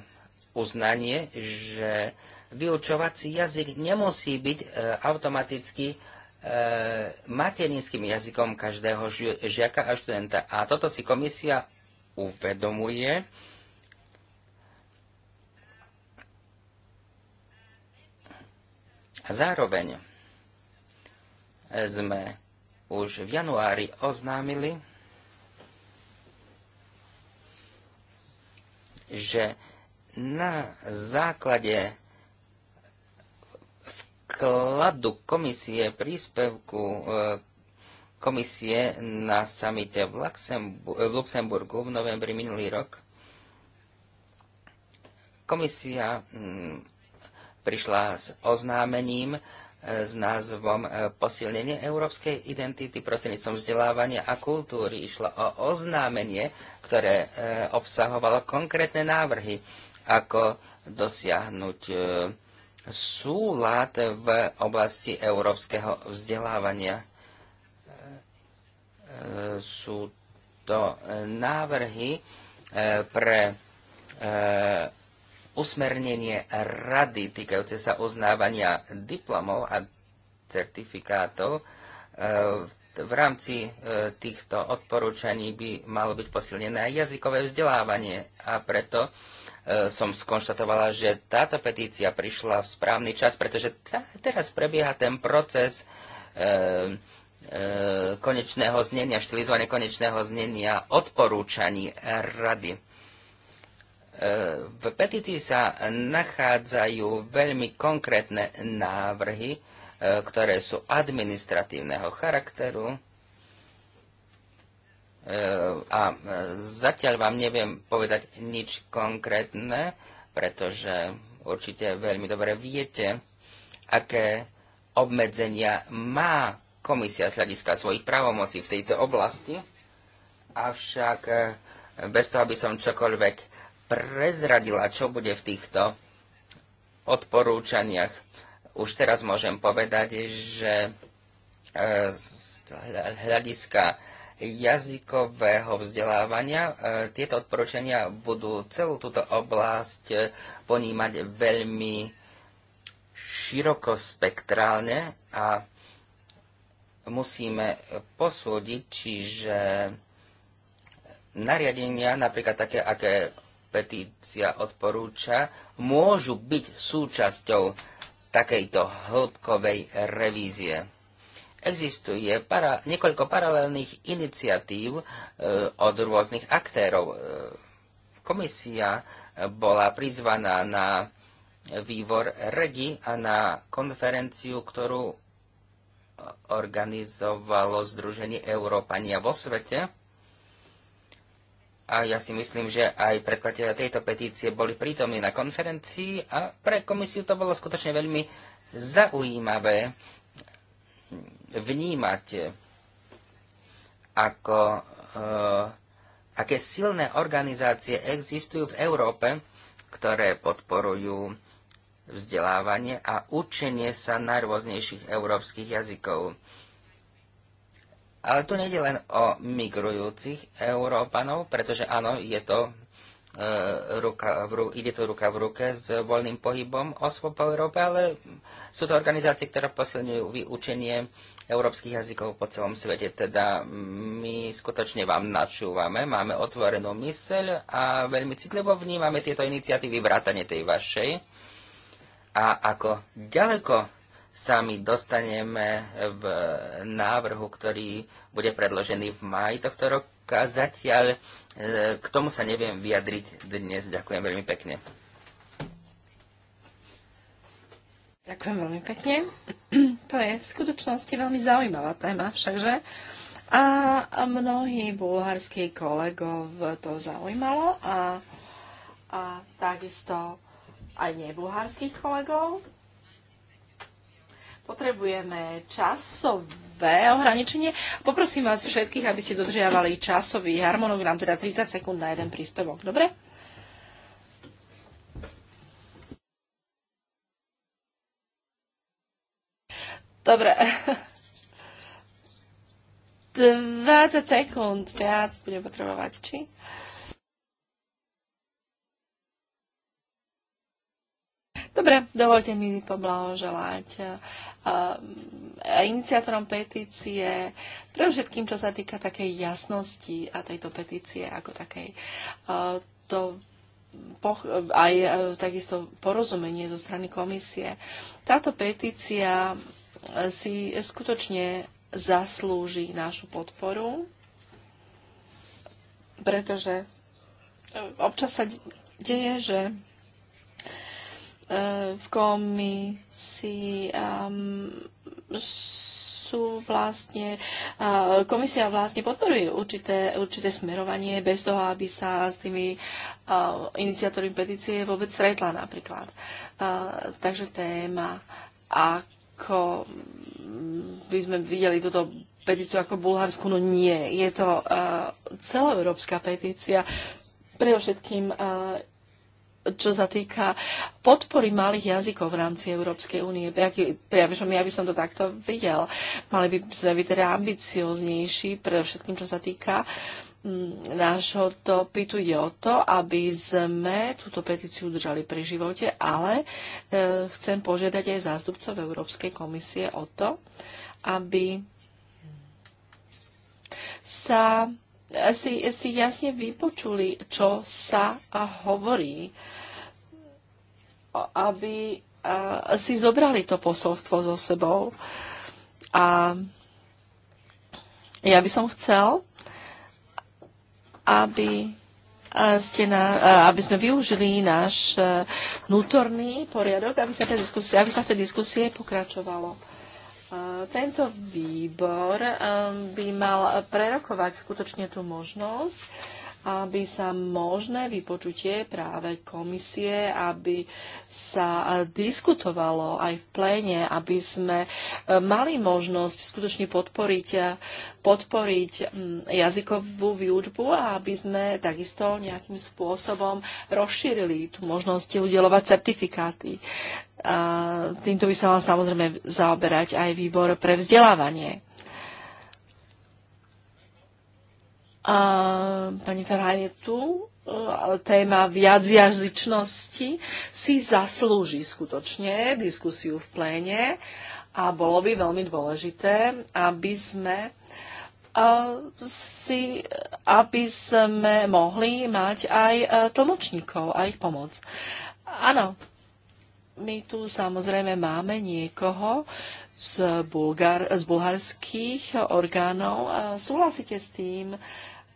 uznanie, že vyučovací jazyk nemusí byť e, automaticky e, materinským jazykom každého ži- žiaka a študenta. A toto si komisia uvedomuje. A zároveň e, sme už v januári oznámili, že na základe vkladu komisie, príspevku e, komisie na samite v, e, v Luxemburgu v novembri minulý rok, komisia mm, prišla s oznámením e, s názvom Posilnenie európskej identity prostredníctvom vzdelávania a kultúry. Išlo o oznámenie, ktoré obsahovalo konkrétne návrhy, ako dosiahnuť súlad v oblasti európskeho vzdelávania. Sú to návrhy eh, pre eh, usmernenie rady týkajúce sa uznávania diplomov a certifikátov. Eh, v rámci týchto odporúčaní by malo byť posilnené aj jazykové vzdelávanie a preto E, som skonštatovala, že táto petícia prišla v správny čas, pretože tá, teraz prebieha ten proces e, e, konečného znenia, štilizovanie konečného znenia odporúčaní rady. E, v petícii sa nachádzajú veľmi konkrétne návrhy, e, ktoré sú administratívneho charakteru Eh, a eh, zatiaľ vám neviem povedať nič konkrétne, pretože určite veľmi dobre viete, aké obmedzenia má komisia z hľadiska svojich právomocí v tejto oblasti. Avšak eh, bez toho, aby som čokoľvek prezradila, čo bude v týchto odporúčaniach, už teraz môžem povedať, že z hľadiska jazykového vzdelávania. E, tieto odporúčania budú celú túto oblasť e, ponímať veľmi širokospektrálne a musíme posúdiť, čiže nariadenia, napríklad také, aké petícia odporúča, môžu byť súčasťou takejto hĺbkovej revízie. Existuje para, niekoľko paralelných iniciatív e, od rôznych aktérov. E, komisia bola prizvaná na vývor REGI a na konferenciu, ktorú organizovalo Združenie Európania vo svete. A ja si myslím, že aj predkladateľe tejto petície boli prítomní na konferencii a pre komisiu to bolo skutočne veľmi zaujímavé vnímať ako eh, aké silné organizácie existujú v Európe, ktoré podporujú vzdelávanie a učenie sa najrôznejších európskych jazykov. Ale tu nejde len o migrujúcich Európanov, pretože áno, je to E, ruka v ruke, ide to ruka v ruke s voľným pohybom osôb po Európe, ale sú to organizácie, ktoré posilňujú vyučenie európskych jazykov po celom svete. Teda my skutočne vám načúvame, máme otvorenú myseľ a veľmi citlivo vnímame tieto iniciatívy vrátane tej vašej. A ako ďaleko sa my dostaneme v návrhu, ktorý bude predložený v maji tohto roku, ale k tomu sa neviem vyjadriť dnes. Ďakujem veľmi pekne. Ďakujem veľmi pekne. To je v skutočnosti veľmi zaujímavá téma všakže. A mnohí bulharskí kolegov to zaujímalo a, a takisto aj nebulharských kolegov. Potrebujeme časové ohraničenie. Poprosím vás všetkých, aby ste dodržiavali časový harmonogram, teda 30 sekúnd na jeden príspevok. Dobre? Dobre. 20 sekúnd viac budem potrebovať, či? Dobre, dovolte mi poblahoželať eh, eh, iniciátorom petície, pre všetkým, čo sa týka takej jasnosti a tejto petície ako takej. Eh, to aj takisto porozumenie zo strany komisie. Táto petícia si skutočne zaslúži našu podporu, pretože občas sa deje, že v komisii um, sú vlastne, uh, komisia vlastne podporuje určité, určité smerovanie bez toho, aby sa s tými uh, iniciátormi petície vôbec stretla napríklad. Uh, takže téma, ako by sme videli túto petíciu ako Bulharsku, no nie. Je to celoeurópska petícia, pre všetkým čo sa týka podpory malých jazykov v rámci Európskej únie. Priavišom, ja by som to takto videl. Mali by sme byť teda ambicioznejší, predovšetkým čo sa týka mm, nášho dopytu Je o to, aby sme túto petíciu držali pri živote, ale e, chcem požiadať aj zástupcov Európskej komisie o to, aby sa si, si jasne vypočuli, čo sa hovorí, aby si zobrali to posolstvo so sebou. A ja by som chcel, aby ste na, aby sme využili náš vnútorný poriadok, aby sa, tej diskusie, aby sa v tej diskusie pokračovalo. Tento výbor ehm, by mal prerokovať skutočne tú možnosť, aby sa možné vypočutie práve komisie, aby sa e, diskutovalo aj v pléne, aby sme e, mali možnosť skutočne podporiť, e, podporiť mm, jazykovú výučbu a aby sme takisto nejakým spôsobom rozšírili tú možnosť udelovať certifikáty. A týmto by sa mal samozrejme zaoberať aj výbor pre vzdelávanie. A pani Ferhan je tu, e, téma jazyčnosti si zaslúži skutočne diskusiu v pléne a bolo by veľmi dôležité, aby sme e, si, aby sme mohli mať aj e, tlmočníkov a ich pomoc. Áno, my tu samozrejme máme niekoho, z, Bulgar, z bulharských orgánov. Súhlasíte s tým,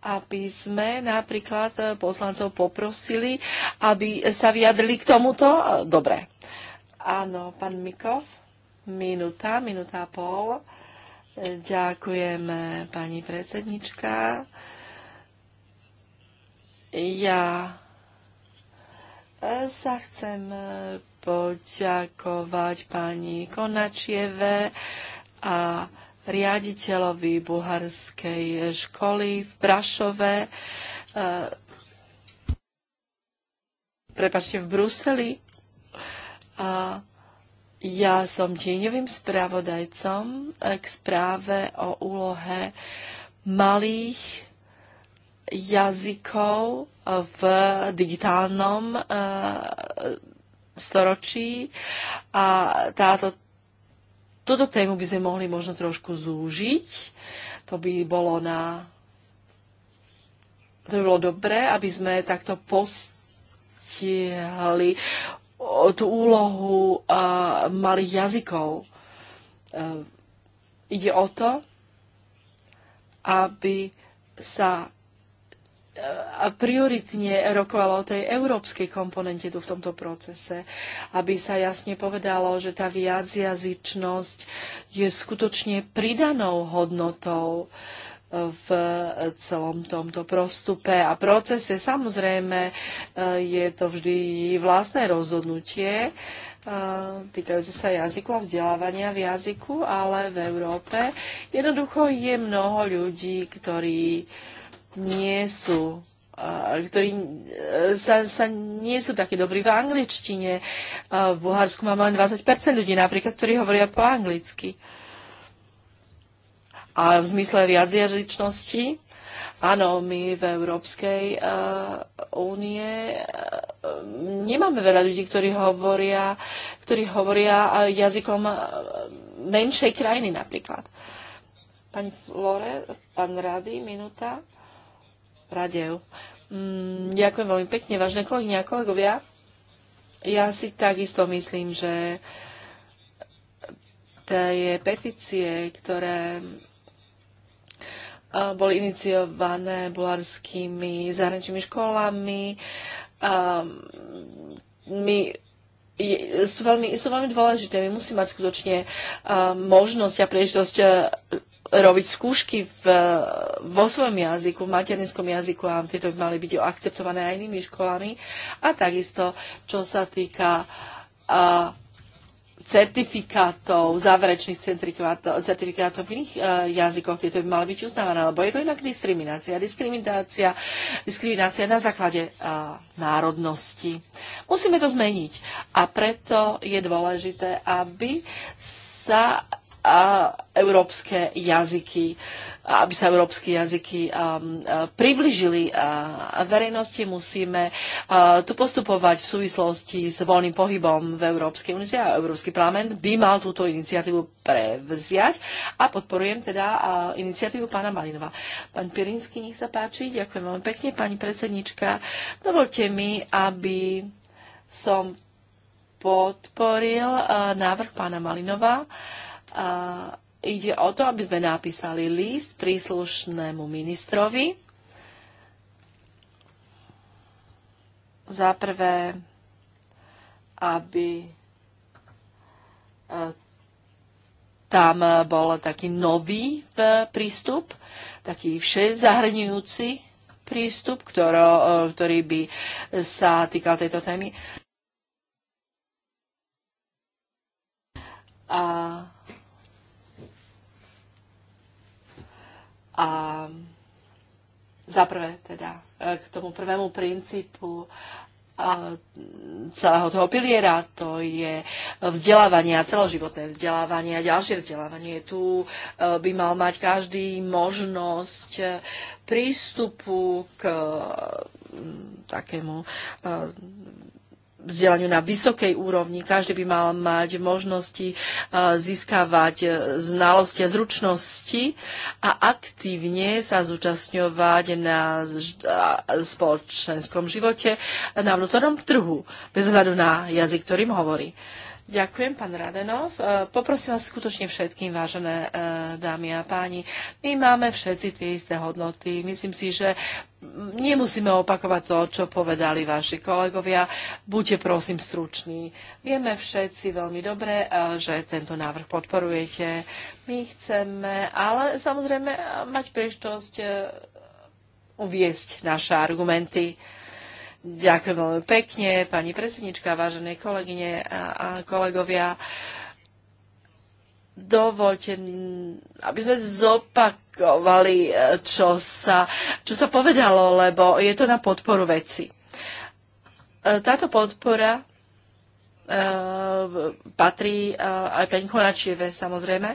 aby sme napríklad eh, poslancov poprosili, aby sa vyjadrili k tomuto? Eh, dobre. Áno, pán Mikov, minúta, minúta a pol. Eh, ďakujem, pani predsednička. Ja sa chcem poďakovať pani Konačieve a riaditeľovi Buharskej školy v Brašove, e, prepačte, v Bruseli. A ja som tieňovým správodajcom e, k správe o úlohe malých jazykov v digitálnom e, storočí a táto toto tému by sme mohli možno trošku zúžiť. To by bolo na... To by bolo dobré, aby sme takto postihli tú úlohu uh, malých jazykov. Uh, ide o to, aby sa a prioritne rokovalo o tej európskej komponente tu v tomto procese, aby sa jasne povedalo, že tá viacjazyčnosť je skutočne pridanou hodnotou e, v celom tomto prostupe a procese. Samozrejme, e, je to vždy vlastné rozhodnutie e, týkajúce sa jazyku a vzdelávania v jazyku, ale v Európe jednoducho je mnoho ľudí, ktorí uh, nie sú ktorí e, sa, sa nie sú takí dobrí v angličtine. V Bulharsku máme len 20% ľudí napríklad, ktorí hovoria po anglicky. A v zmysle viacjazyčnosti, áno, my v Európskej e, únie uh, nemáme veľa ľudí, ktorí hovoria, ktorí hovoria jazykom menšej krajiny napríklad. Pani Flore, pán Rady, minúta. Radev. Mm, ďakujem veľmi pekne, vážne kolegyne a kolegovia. Ja si takisto myslím, že tie petície, ktoré boli iniciované bulharskými zahraničnými školami, my sú veľmi, sú veľmi dôležité. My musíme mať skutočne možnosť a príležitosť robiť skúšky v, vo svojom jazyku, v materinskom jazyku a tieto by mali byť akceptované aj inými školami. A takisto, čo sa týka a, certifikátov, záverečných certifikátov, v iných e, jazykoch, tieto by mali byť uznávané, lebo je to inak diskriminácia. Diskriminácia, diskriminácia na základe e, národnosti. Musíme to zmeniť a preto je dôležité, aby sa a európske jazyky, aby sa európske jazyky um, uh, približili uh, a verejnosti, musíme uh, tu postupovať v súvislosti s voľným pohybom v Európskej únii a Európsky parlament by mal túto iniciatívu prevziať a podporujem teda iniciatívu pána Malinova. Pán Pirinsky, nech sa páči, ďakujem veľmi pekne, pani predsednička. Dovolte mi, aby som podporil návrh pána Malinova a uh, ide o to, aby sme napísali list príslušnému ministrovi. Za prvé, aby uh, tam bol taký nový uh, prístup, taký všezahrňujúci prístup, ktorý, ktorý by sa týkal tejto témy. A A za prvé teda e, k tomu prvému princípu a e, celého toho piliera, to je vzdelávanie a celoživotné vzdelávanie a ďalšie vzdelávanie. Tu e, by mal mať každý možnosť prístupu k takému vzdelaniu na vysokej úrovni. Každý by mal mať možnosti eh, získavať eh, znalosti a zručnosti a aktívne sa zúčastňovať na spoločenskom živote na vnútornom trhu, bez ohľadu na jazyk, ktorým hovorí. Ďakujem, pán Radenov. E, poprosím vás skutočne všetkým, vážené e, dámy a páni. My máme všetci tie isté hodnoty. Myslím si, že nemusíme opakovať to, čo povedali vaši kolegovia. Buďte prosím struční. Vieme všetci veľmi dobre, e, že tento návrh podporujete. My chceme, ale samozrejme mať príštosť uviesť naše argumenty. Ďakujem veľmi pekne, pani predsednička, vážené kolegyne a, kolegovia. Dovolte, aby sme zopakovali, e, čo sa, čo sa povedalo, lebo je to na podporu veci. E, táto podpora e, patrí aj pani Konačieve, samozrejme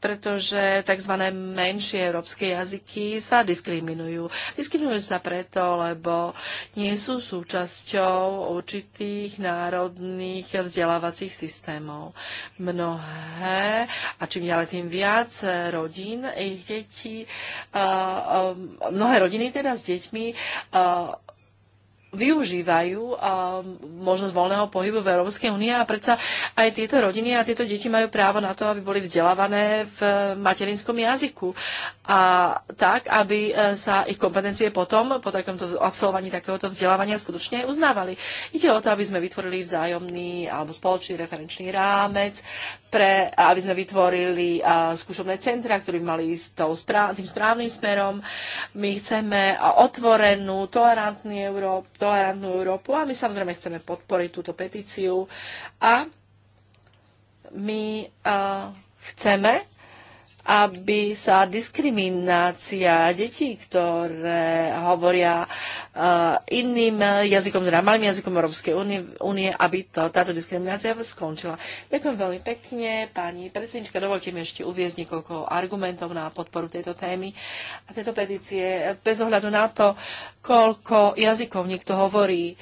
pretože tzv. menšie európske jazyky sa diskriminujú. Diskriminujú sa preto, lebo nie sú súčasťou určitých národných vzdelávacích systémov. Mnohé, a čím ďalej tým viac rodín, ich detí, mnohé rodiny teda s deťmi využívajú možnosť voľného pohybu v Európskej únie a predsa aj tieto rodiny a tieto deti majú právo na to, aby boli vzdelávané v materinskom jazyku a tak, aby e, sa ich kompetencie potom po takomto absolvovaní takéhoto vzdelávania skutočne aj uznávali. Ide o to, aby sme vytvorili vzájomný alebo spoločný referenčný rámec pre, aby sme vytvorili skúšobné centra, ktoré by mali ísť tým správnym smerom. My chceme otvorenú, tolerantnú Európu, tolerantnú Európu a my samozrejme chceme podporiť túto petíciu a my chceme aby sa diskriminácia detí, ktoré hovoria uh, eh, iným jazykom, teda malým jazykom Európskej únie, aby to, táto diskriminácia skončila. Ďakujem veľmi pekne. Pani predsednička, dovolte mi ešte uviezť niekoľko argumentov na podporu tejto témy a tejto petície bez ohľadu na to, koľko jazykov niekto hovorí.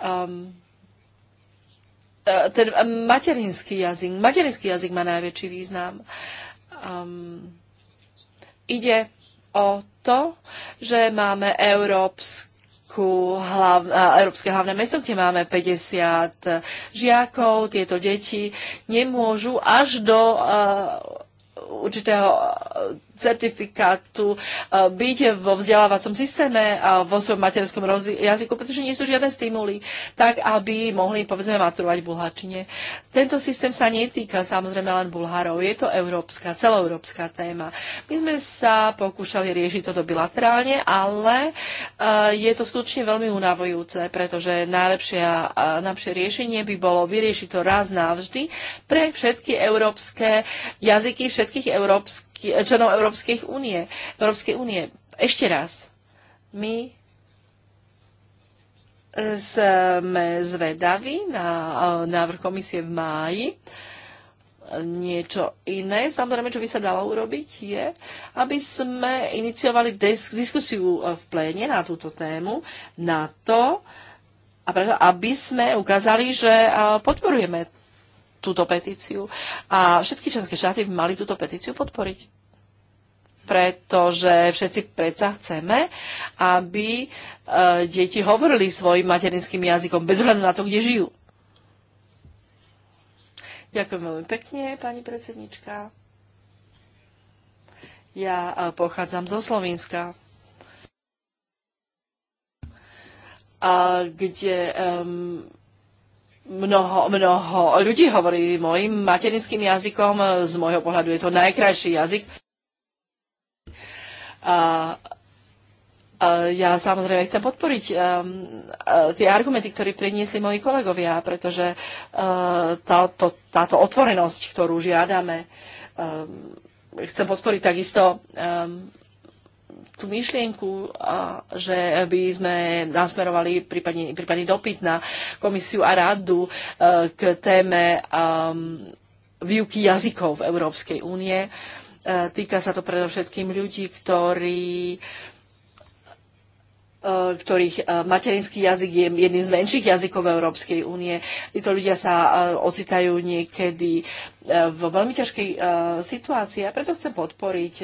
Um, ten materinský jazyk. Materinský jazyk má najväčší význam. Uh, Um, ide o to, že máme európsky Ku hlav, Európske hlavné mesto, kde máme 50 žiakov. Tieto deti nemôžu až do uh, určitého certifikátu eh, byť vo vzdelávacom systéme a vo svojom materskom jazyku, pretože nie sú žiadne stimuly, tak aby mohli, povedzme, maturovať v Bulhačine. Tento systém sa netýka samozrejme len Bulharov, je to európska, celoeurópska téma. My sme sa pokúšali riešiť toto bilaterálne, ale eh, je to skutočne veľmi unavujúce, pretože najlepšie, eh, najlepšie riešenie by bolo vyriešiť to raz navždy pre všetky európske jazyky, všetkých európskych Európsky, eh, členov Európskej únie. Európskej únie. Ešte raz, my eh, sme zvedaví na eh, návrh komisie v máji. Niečo iné, samozrejme, čo by sa dalo urobiť, je, aby sme iniciovali diskusiu v pléne na túto tému, na to, a preto, aby sme ukázali, že podporujeme túto petíciu a všetky členské štáty by mali túto petíciu podporiť pretože všetci predsa chceme, aby e, deti hovorili svojim materinským jazykom, bez ohľadu na to, kde žijú. Ďakujem veľmi pekne, pani predsednička. Ja e, pochádzam zo Slovenska. A kde um, mnoho, mnoho ľudí hovorí mojim materinským jazykom. Z môjho pohľadu je to najkrajší jazyk. A, a ja samozrejme chcem podporiť um, a, tie argumenty, ktoré priniesli moji kolegovia, pretože tá, uh, táto, táto otvorenosť, ktorú žiadame, a, um, chcem podporiť takisto um, tú myšlienku, že by sme nasmerovali prípadne, prípadne dopyt na komisiu a radu e, k téme výuky jazykov v Európskej únie. E, týka sa to predovšetkým ľudí, ktorí E, ktorých e, materinský jazyk je jedným z menších jazykov Európskej únie. Títo ľudia sa e, ocitajú niekedy vo veľmi ťažkej situácii a preto chcem podporiť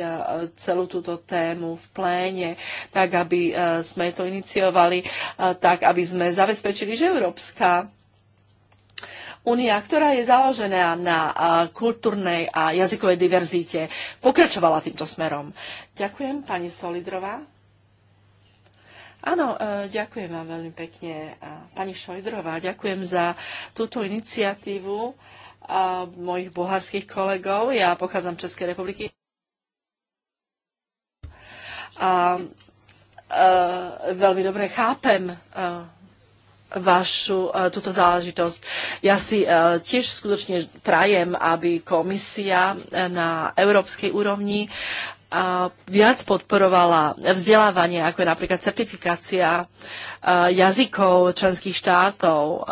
celú túto tému v pléne, tak aby sme to iniciovali, tak aby sme zabezpečili, že Európska Únia, ktorá je založená na kultúrnej a jazykovej diverzite, pokračovala týmto smerom. Ďakujem, pani Solidrová. Áno, e, ďakujem vám veľmi pekne, e, pani Šojdrová. Ďakujem za túto iniciatívu e, mojich bulharských kolegov. Ja pochádzam z Českej republiky. A, e, veľmi dobre chápem e, vašu e, túto záležitosť. Ja si e, tiež skutočne prajem, aby komisia na európskej úrovni viac podporovala vzdelávanie, ako je napríklad certifikácia jazykov členských štátov,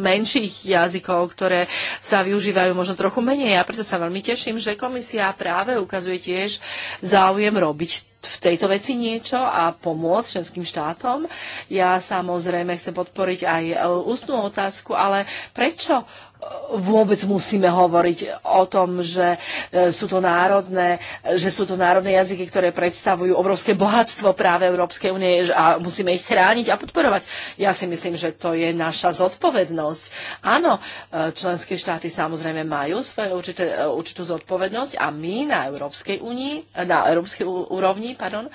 menších jazykov, ktoré sa využívajú možno trochu menej. A preto sa veľmi teším, že komisia práve ukazuje tiež záujem robiť v tejto veci niečo a pomôcť členským štátom. Ja samozrejme chcem podporiť aj ústnú otázku, ale prečo vôbec musíme hovoriť o tom, že e, sú to národné, že sú to národné jazyky, ktoré predstavujú obrovské bohatstvo práve Európskej únie a musíme ich chrániť a podporovať. Ja si myslím, že to je naša zodpovednosť. Áno, e, členské štáty samozrejme majú svoju určité, e, určitú zodpovednosť a my na Európskej únii, na európskej úrovni, pardon,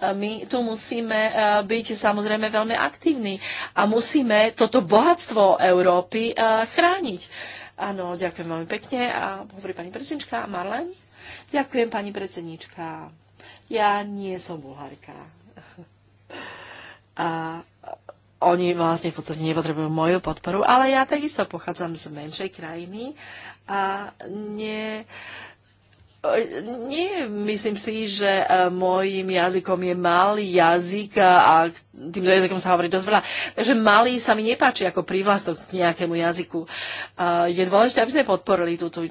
my tu musíme byť samozrejme veľmi aktívni a musíme toto bohatstvo Európy chrániť Áno, ďakujem veľmi pekne. A hovorí pani predsednička Marlen. Ďakujem pani predsednička. Ja nie som bulharka. A oni vlastne v podstate nepotrebujú moju podporu, ale ja takisto pochádzam z menšej krajiny a nie, nie, myslím si, že e, môjim jazykom je malý jazyk a týmto jazykom sa hovorí dosť veľa. Takže malý sa mi nepáči ako prívlastok k nejakému jazyku. Je dôležité, aby sme podporili túto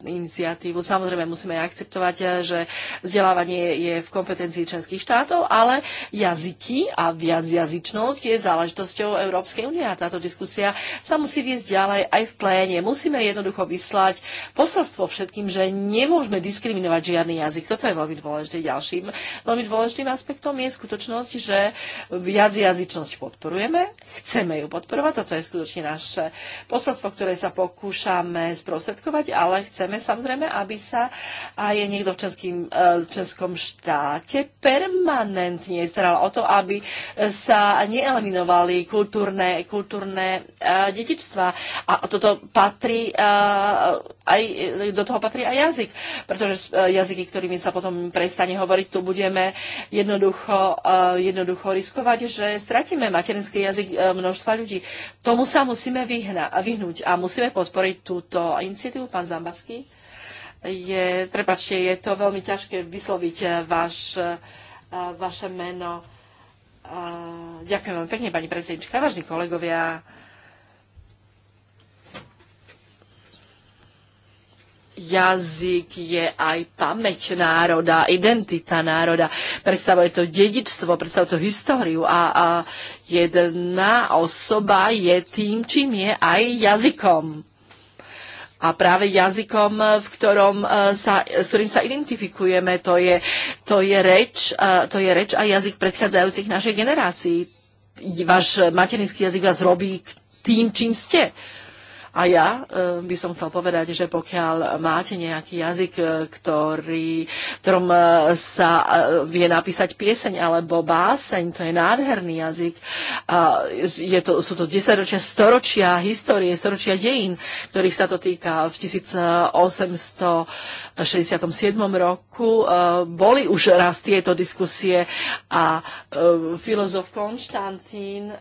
iniciatívu. Samozrejme, musíme akceptovať, eh, že vzdelávanie je v kompetencii členských štátov, ale jazyky a viacjazyčnosť je záležitosťou Európskej únie a táto diskusia sa musí viesť ďalej aj v pléne. Musíme jednoducho vyslať posolstvo všetkým, že nemôžeme diskriminovať žiadny jazyk. Toto je veľmi dôležité. Ďalším veľmi dôležitým aspektom je skutočnosť, že jazyčnosť podporujeme, chceme ju podporovať, toto je skutočne naše posolstvo, ktoré sa pokúšame sprostredkovať, ale chceme samozrejme, aby sa aj niekto v, českým, e, českom štáte permanentne staral o to, aby sa neeliminovali kultúrne, kultúrne e, detičstva. A toto patrí e, aj, do toho patrí aj jazyk, pretože jazyky, ktorými sa potom prestane hovoriť, tu budeme jednoducho, jednoducho riskovať riskovať, že stratíme materinský jazyk e, množstva ľudí. Tomu sa musíme vyhna, vyhnúť a musíme podporiť túto iniciatívu. Pán Zambacký, je, prepačte, je to veľmi ťažké vysloviť e, vaš, e, vaše meno. Ďakujem vám pekne, pani predsednička, vážni kolegovia. jazyk je aj pamäť národa, identita národa. Predstavuje to dedičstvo, predstavuje to históriu a, a jedna osoba je tým, čím je aj jazykom. A práve jazykom, v ktorom e, sa, s ktorým sa identifikujeme, to je, to, je reč, e, to je reč a jazyk predchádzajúcich našej generácií. Váš materinský jazyk vás robí tým, čím ste. Uh, a ja eh, by som chcel povedať, že pokiaľ máte nejaký jazyk, eh, ktorý, ktorom eh, sa vie napísať pieseň alebo báseň, to je nádherný jazyk. A je to, sú to desaťročia, storočia histórie, storočia dejín, ktorých sa to týka. V 1867 roku boli už raz tieto diskusie a filozof Konštantín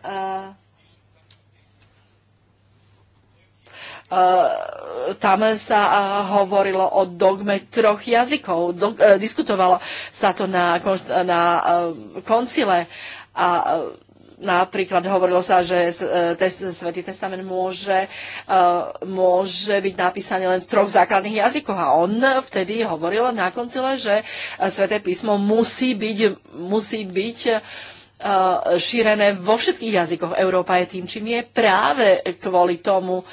Eh, tam sa eh, hovorilo o dogme troch jazykov. Do, eh, diskutovalo sa to na, na koncile a napríklad hovorilo sa, že Svetý testament môže, môže byť napísaný len v troch základných jazykoch. A on vtedy hovoril na koncile, že Sveté písmo musí byť, musí byť Eh, šírené vo všetkých jazykoch. Európa je tým, čím je práve kvôli tomu,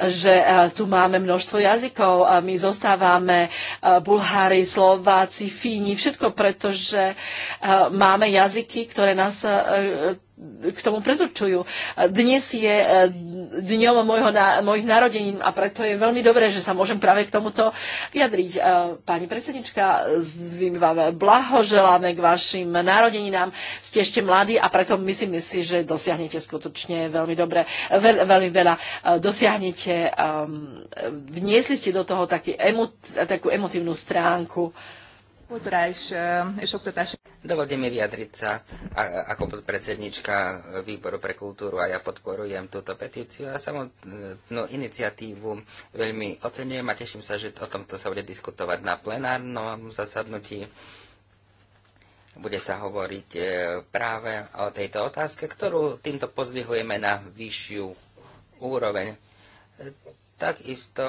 že eh, tu máme množstvo jazykov. A my zostávame eh, Bulhári, Slováci, Fíni, všetko, pretože máme jazyky, ktoré nás k tomu predurčujú. Dnes je e, dňom mojho, mojich narodenín a preto je veľmi dobré, že sa môžem práve k tomuto vyjadriť. E, pani predsednička, zvím vám blahoželáme k vašim narodeninám. Ste ešte mladí a preto myslím si, že dosiahnete skutočne veľmi dobre, veľ, veľmi veľa. E, dosiahnete, vniesli ste do toho taký emo, takú emotívnu stránku kulturális e, és Dovolte mi vyjadriť sa ako podpredsednička Výboru pre kultúru a ja podporujem túto petíciu a samotnú iniciatívu veľmi ocenujem a teším sa, že o tomto sa bude diskutovať na plenárnom zasadnutí. Bude sa hovoriť e, práve o tejto otázke, ktorú týmto pozdvihujeme na vyššiu úroveň. E, takisto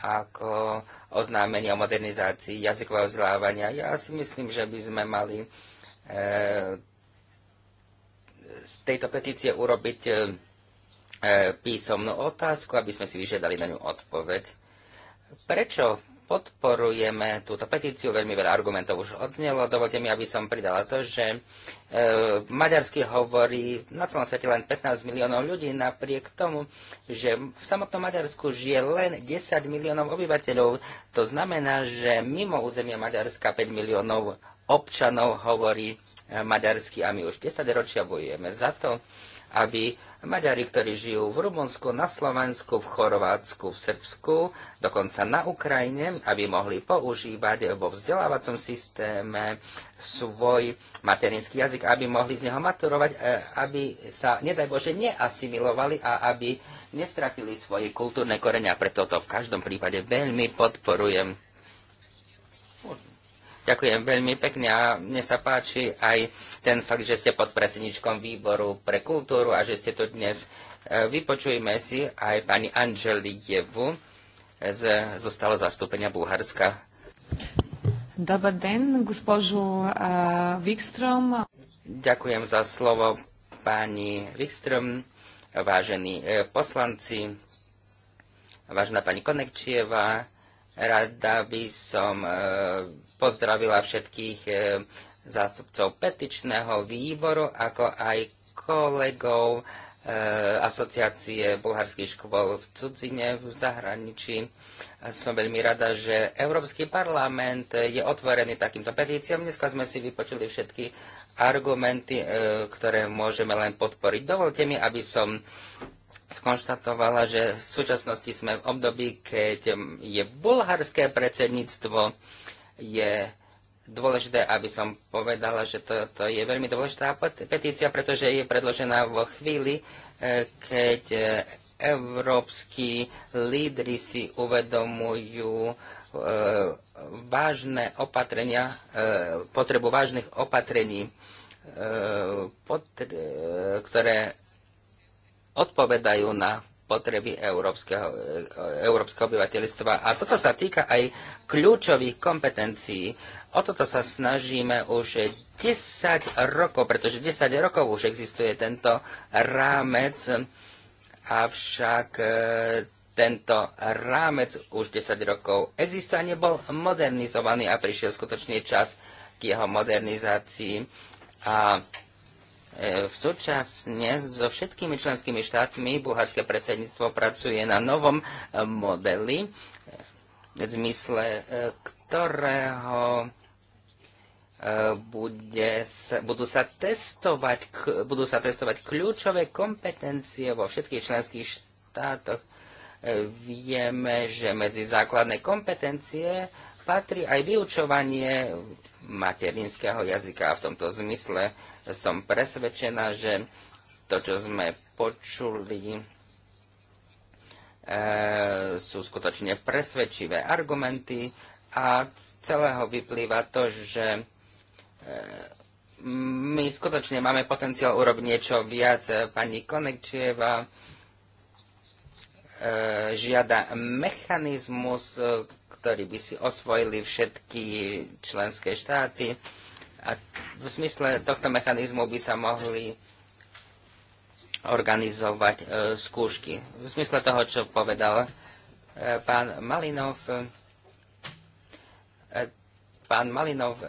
ako oznámenie o modernizácii jazykového vzdelávania. Ja si myslím, že by sme mali e, z tejto petície urobiť e, e písomnú otázku, aby sme si vyžiadali na ňu odpoveď. Prečo podporujeme túto petíciu. Veľmi veľa argumentov už odznelo. Dovolte mi, aby som pridala to, že e, maďarsky hovorí na celom svete len 15 miliónov ľudí, napriek tomu, že v samotnom Maďarsku žije len 10 miliónov obyvateľov. To znamená, že mimo územia Maďarska 5 miliónov občanov hovorí e, maďarsky a my už 10 ročia bojujeme za to, aby Maďari, ktorí žijú v Rumunsku, na Slovensku, v Chorvátsku, v Srbsku, dokonca na Ukrajine, aby mohli používať vo vzdelávacom systéme svoj materinský jazyk, aby mohli z neho maturovať, e, aby sa, nedaj Bože, neasimilovali a aby nestratili svoje kultúrne korenia. Preto to v každom prípade veľmi podporujem. Ďakujem veľmi pekne a mne sa páči aj ten fakt, že ste pod predsedničkom výboru pre kultúru a že ste tu dnes. E, vypočujme si aj pani Jevu z, zostalo zastúpenia Bulharska. Dobrý deň, gospožu e, Wikström. Ďakujem za slovo, pani Wikström, vážení e, poslanci, vážená pani Konekčieva, Rada by som e, pozdravila všetkých e, zástupcov petičného výboru, ako aj kolegov e, asociácie bulharských škôl v cudzine, v zahraničí. Som veľmi rada, že Európsky parlament je otvorený takýmto petíciom. Dneska sme si vypočuli všetky argumenty, ktoré môžeme len podporiť. Dovolte mi, aby som skonštatovala, že v súčasnosti sme v období, keď je bulharské predsedníctvo, je dôležité, aby som povedala, že to, to je veľmi dôležitá petícia, pretože je predložená vo chvíli, e, keď e, európsky lídry si uvedomujú e, vážne opatrenia, potrebu vážnych opatrení, ktoré odpovedajú na potreby európskeho, európskeho obyvateľstva. A toto sa týka aj kľúčových kompetencií. O toto sa snažíme už 10 rokov, pretože 10 rokov už existuje tento rámec, avšak e, tento rámec už 10 rokov existuje a nebol modernizovaný a prišiel skutočne čas k jeho modernizácii. A E, v súčasne so všetkými členskými štátmi bulharské predsedníctvo pracuje na novom e, modeli, e, v zmysle ktorého bude sa, budú, sa testovať, budú sa testovať kľúčové kompetencie vo všetkých členských štátoch. Vieme, že medzi základné kompetencie patrí aj vyučovanie materinského jazyka. v tomto zmysle som presvedčená, že to, čo sme počuli, e, sú skutočne presvedčivé argumenty a z celého vyplýva to, že e, my skutočne máme potenciál urobiť niečo viac. Pani Konekčieva e, žiada mechanizmus, ktorý by si osvojili všetky členské štáty a v zmysle tohto mechanizmu by sa mohli organizovať e, skúšky. V zmysle toho, čo povedal e, pán Malinov, e, pán Malinov e,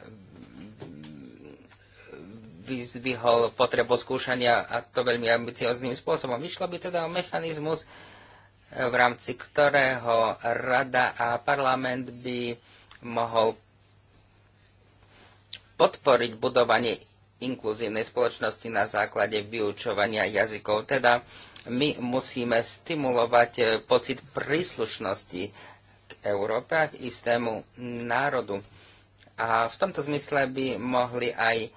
vyzvihol potrebu skúšania a to veľmi ambiciozným spôsobom. Vyšlo by teda o mechanizmus, e, v rámci ktorého rada a parlament by mohol podporiť budovanie inkluzívnej spoločnosti na základe vyučovania jazykov. Teda my musíme stimulovať e, pocit príslušnosti k Európe a k istému národu. A v tomto zmysle by mohli aj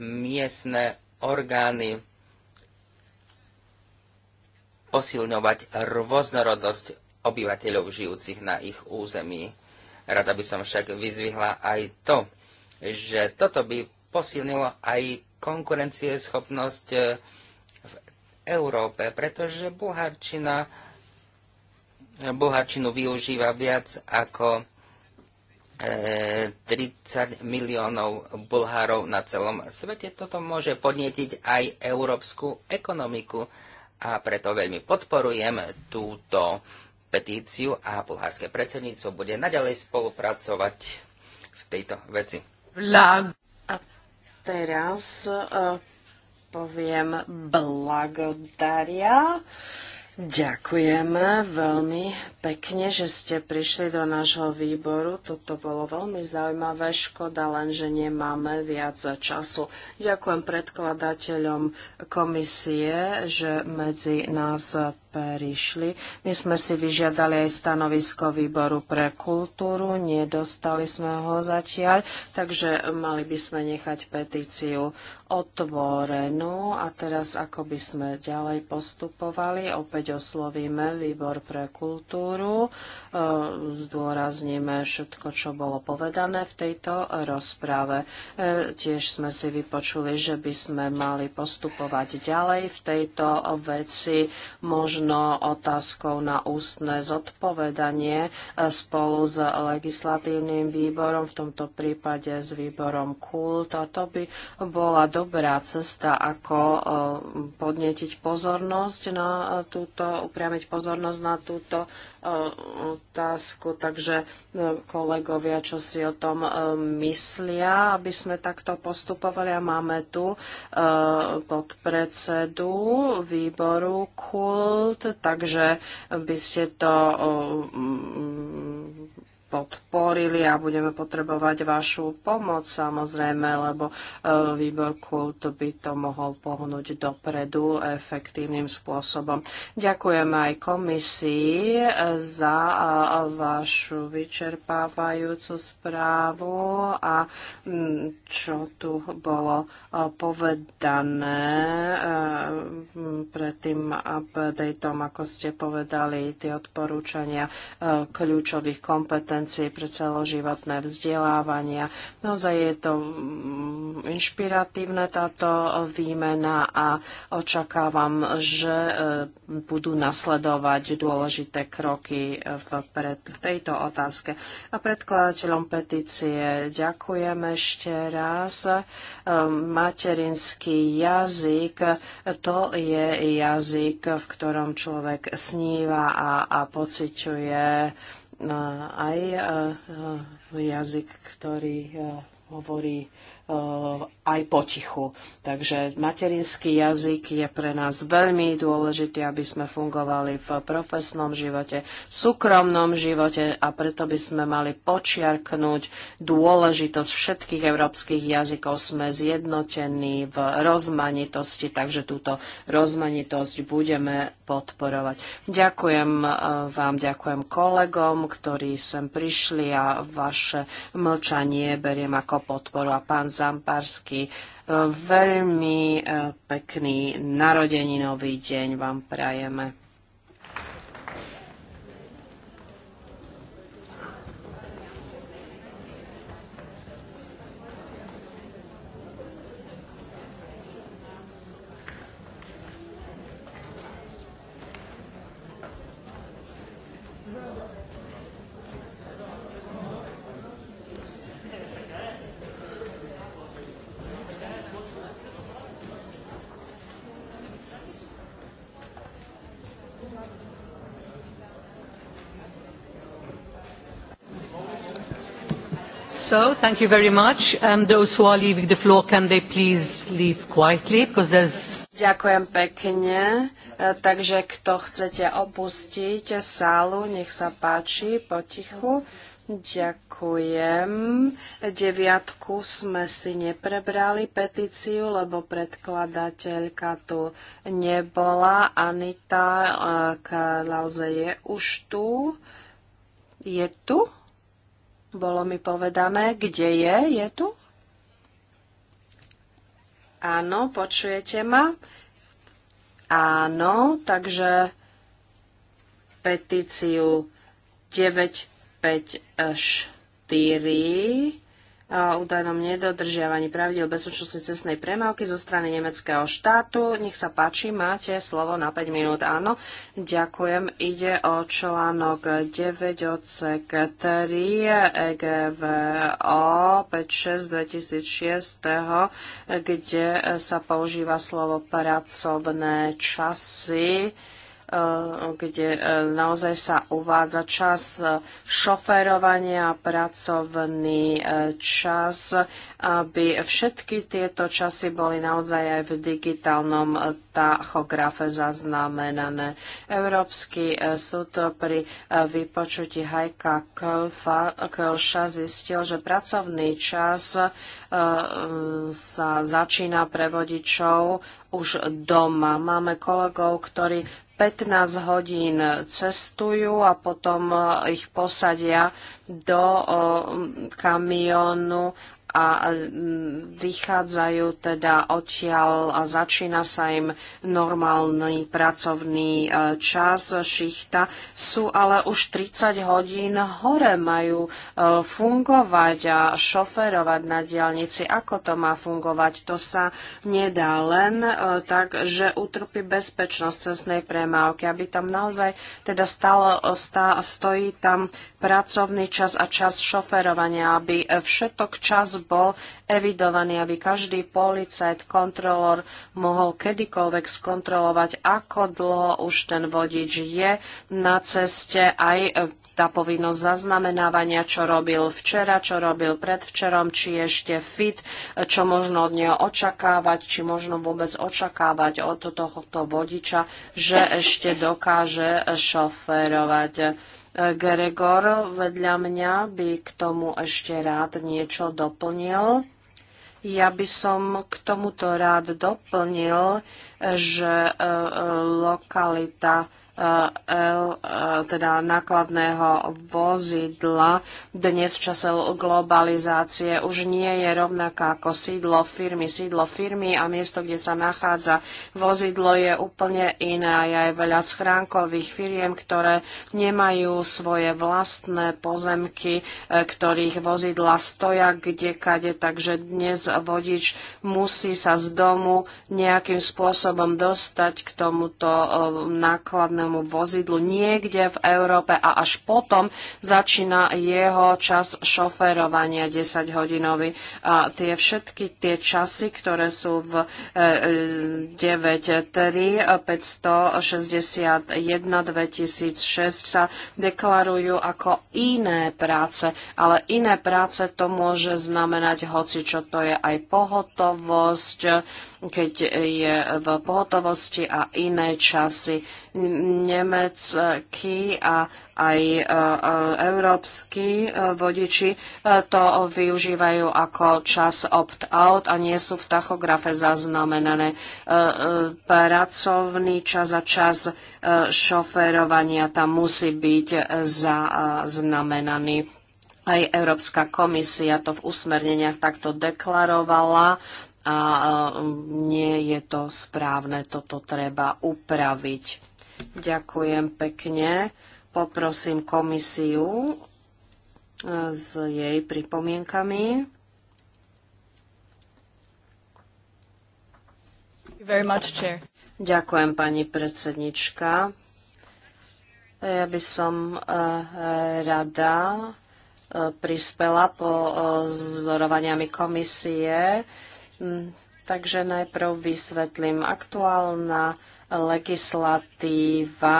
miestne orgány posilňovať rôznorodosť obyvateľov žijúcich na ich území. Rada by som však vyzvihla aj to, že toto by posilnilo aj konkurencieschopnosť e, v Európe, pretože Bulharčina e, Bulharčinu využíva viac ako 30 e, miliónov Bulhárov na celom svete. Toto môže podnietiť aj európsku ekonomiku a preto veľmi podporujem túto petíciu a bulharské predsedníctvo bude naďalej spolupracovať v tejto veci. Blag. A teraz uh, poviem blagodaria. Uh, Ďakujeme veľmi pekne, že ste prišli do nášho výboru. Toto bolo veľmi zaujímavé. Škoda len, že nemáme viac času. Ďakujem predkladateľom komisie, že medzi nás prišli. My sme si vyžiadali aj stanovisko výboru pre kultúru, nedostali sme ho zatiaľ, takže mali by sme nechať petíciu otvorenú a teraz ako by sme ďalej postupovali. Opäť oslovíme výbor pre kultúru, e, zdôrazníme všetko, čo bolo povedané v tejto rozprave. E, tiež sme si vypočuli, že by sme mali postupovať ďalej v tejto veci, možno otázkou na ústne zodpovedanie e, spolu s legislatívnym výborom, v tomto prípade s výborom kult a to by bola dobrá cesta, ako e, podnetiť pozornosť na e, túto, upriamiť pozornosť na túto e, otázku. Takže kolegovia, čo si o tom myslia, aby sme takto postupovali. A máme tu podpredsedu výboru KULT, takže by ste to podporili a budeme potrebovať vašu pomoc samozrejme, lebo e, výbor kult by to mohol pohnúť dopredu efektívnym spôsobom. Ďakujem aj komisii e, za e, vašu vyčerpávajúcu správu a čo tu bolo povedané pred tým updateom, ako ste povedali, tie odporúčania kľúčových kompetencií financií pre celoživotné vzdelávania. Naozaj je to mm, inšpiratívne táto výmena a očakávam, že e, budú nasledovať dôležité kroky e, v tejto otázke. A predkladateľom petície ďakujem ešte raz. E, materinský jazyk to je jazyk, v ktorom človek sníva a, a pociťuje aj jazyk, ktorý hovorí aj potichu. Takže materinský jazyk je pre nás veľmi dôležitý, aby sme fungovali v profesnom živote, v súkromnom živote a preto by sme mali počiarknúť dôležitosť všetkých európskych jazykov. Sme zjednotení v rozmanitosti, takže túto rozmanitosť budeme podporovať. Ďakujem eh, vám, ďakujem kolegom, ktorí sem prišli a vaše mlčanie beriem ako podporu. A pán Zamparský taký e, veľmi e, pekný narodeninový deň vám prajeme. so. Thank you very much. Um, those who are leaving the floor, can they please leave quietly, because there's... Ďakujem pekne. E, takže kto chcete opustiť sálu, nech sa páči potichu. Ďakujem. Deviatku sme si neprebrali petíciu, lebo predkladateľka tu nebola. Anita e, Klauze je už tu. Je tu? Bolo mi povedané, kde je? Je tu? Áno, počujete ma? Áno, takže petíciu 954 údajnom nedodržiavaní pravidel bezpečnostnej cestnej premávky zo strany nemeckého štátu. Nech sa páči, máte slovo na 5 minút. Áno, ďakujem. Ide o článok 9 odsek 3 EGVO 56 2006, kde sa používa slovo pracovné časy. Eh, kde eh, naozaj sa uvádza čas eh, šoferovania pracovný čas, aby všetky tieto časy boli naozaj aj v digitálnom tachografe zaznamenané. Európsky súd pri vypočutí Hajka Kölša zistil, že pracovný čas sa začína pre vodičov už doma. Máme kolegov, ktorí 15 hodín cestujú a potom eh, ich posadia do eh, kamionu a mm, vychádzajú teda odtiaľ a začína sa im normálny pracovný e, čas šichta. Sú ale už 30 hodín hore, majú e, fungovať a šoferovať na diálnici. Ako to má fungovať? To sa nedá len e, tak, že utrpí bezpečnosť cestnej premávky, aby tam naozaj teda stalo, stá, stojí tam pracovný čas a čas šoferovania, aby všetok čas bol evidovaný, aby každý policajt, kontrolór mohol kedykoľvek skontrolovať, ako dlho už ten vodič je na ceste aj e, tá povinnosť zaznamenávania, čo robil včera, čo robil predvčerom, či ešte fit, e, čo možno od neho očakávať, či možno vôbec očakávať od tohoto vodiča, že ešte dokáže šoférovať. Gregor vedľa mňa by k tomu ešte rád niečo doplnil. Ja by som k tomuto rád doplnil, že e, e, lokalita teda nákladného vozidla dnes v čase globalizácie už nie je rovnaká ako sídlo firmy. Sídlo firmy a miesto, kde sa nachádza vozidlo je úplne iné a je aj veľa schránkových firiem, ktoré nemajú svoje vlastné pozemky, e, ktorých vozidla stoja kde kade, takže dnes vodič musí sa z domu nejakým spôsobom dostať k tomuto e, nákladnému dopravnému vozidlu niekde v Európe a až potom začína jeho čas šoferovania 10 hodinový. A tie všetky tie časy, ktoré sú v 9.3, 561, 2006 sa deklarujú ako iné práce, ale iné práce to môže znamenať hoci čo to je aj pohotovosť, keď je v pohotovosti a iné časy. Nemecký a aj e, e, európsky e, vodiči to využívajú ako čas opt-out a nie sú v tachografe zaznamenané. Pracovný čas a čas šoferovania tam musí byť zaznamenaný. Aj Európska komisia to v usmerneniach takto deklarovala a nie je to správne, toto treba upraviť. Ďakujem pekne. Poprosím komisiu e, s jej pripomienkami. Much, Ďakujem, pani predsednička. Ja by som e, rada e, prispela po zdorovaniami komisie Mm, takže najprv vysvetlím aktuálna legislatíva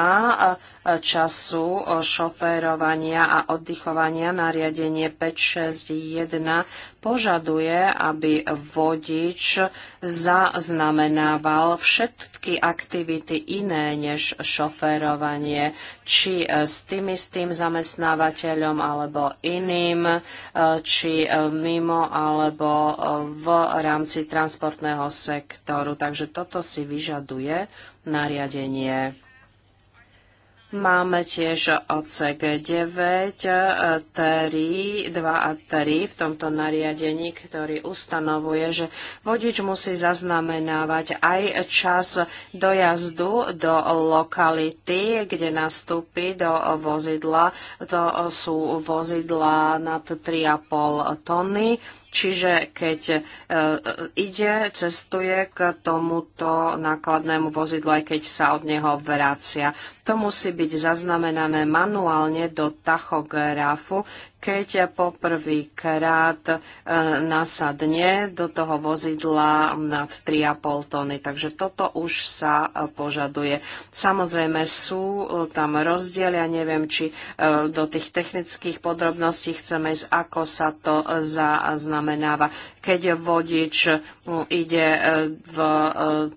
času šoférovania a oddychovania nariadenie 561 požaduje, aby vodič zaznamenával všetky aktivity iné než šoférovanie či e, s tým istým zamestnávateľom alebo iným, e, či e, mimo alebo v rámci transportného sektoru. Takže toto si vyžaduje nariadenie. Máme tiež odsek 9, 3, 2 a 3 v tomto nariadení, ktorý ustanovuje, že vodič musí zaznamenávať aj čas dojazdu do lokality, kde nastúpi do vozidla. To sú vozidla nad 3,5 tony Čiže keď e, e, ide, cestuje k tomuto nákladnému vozidlu, aj keď sa od neho vracia. To musí byť zaznamenané manuálne do tachografu, keď poprvýkrát e, nasadne do toho vozidla nad 3,5 tony. Takže toto už sa e, požaduje. Samozrejme sú e, tam rozdiely. Ja neviem, či do tých technických podrobností chceme ísť, ako sa to zaznamenáva. Keď vodič ide v 3,5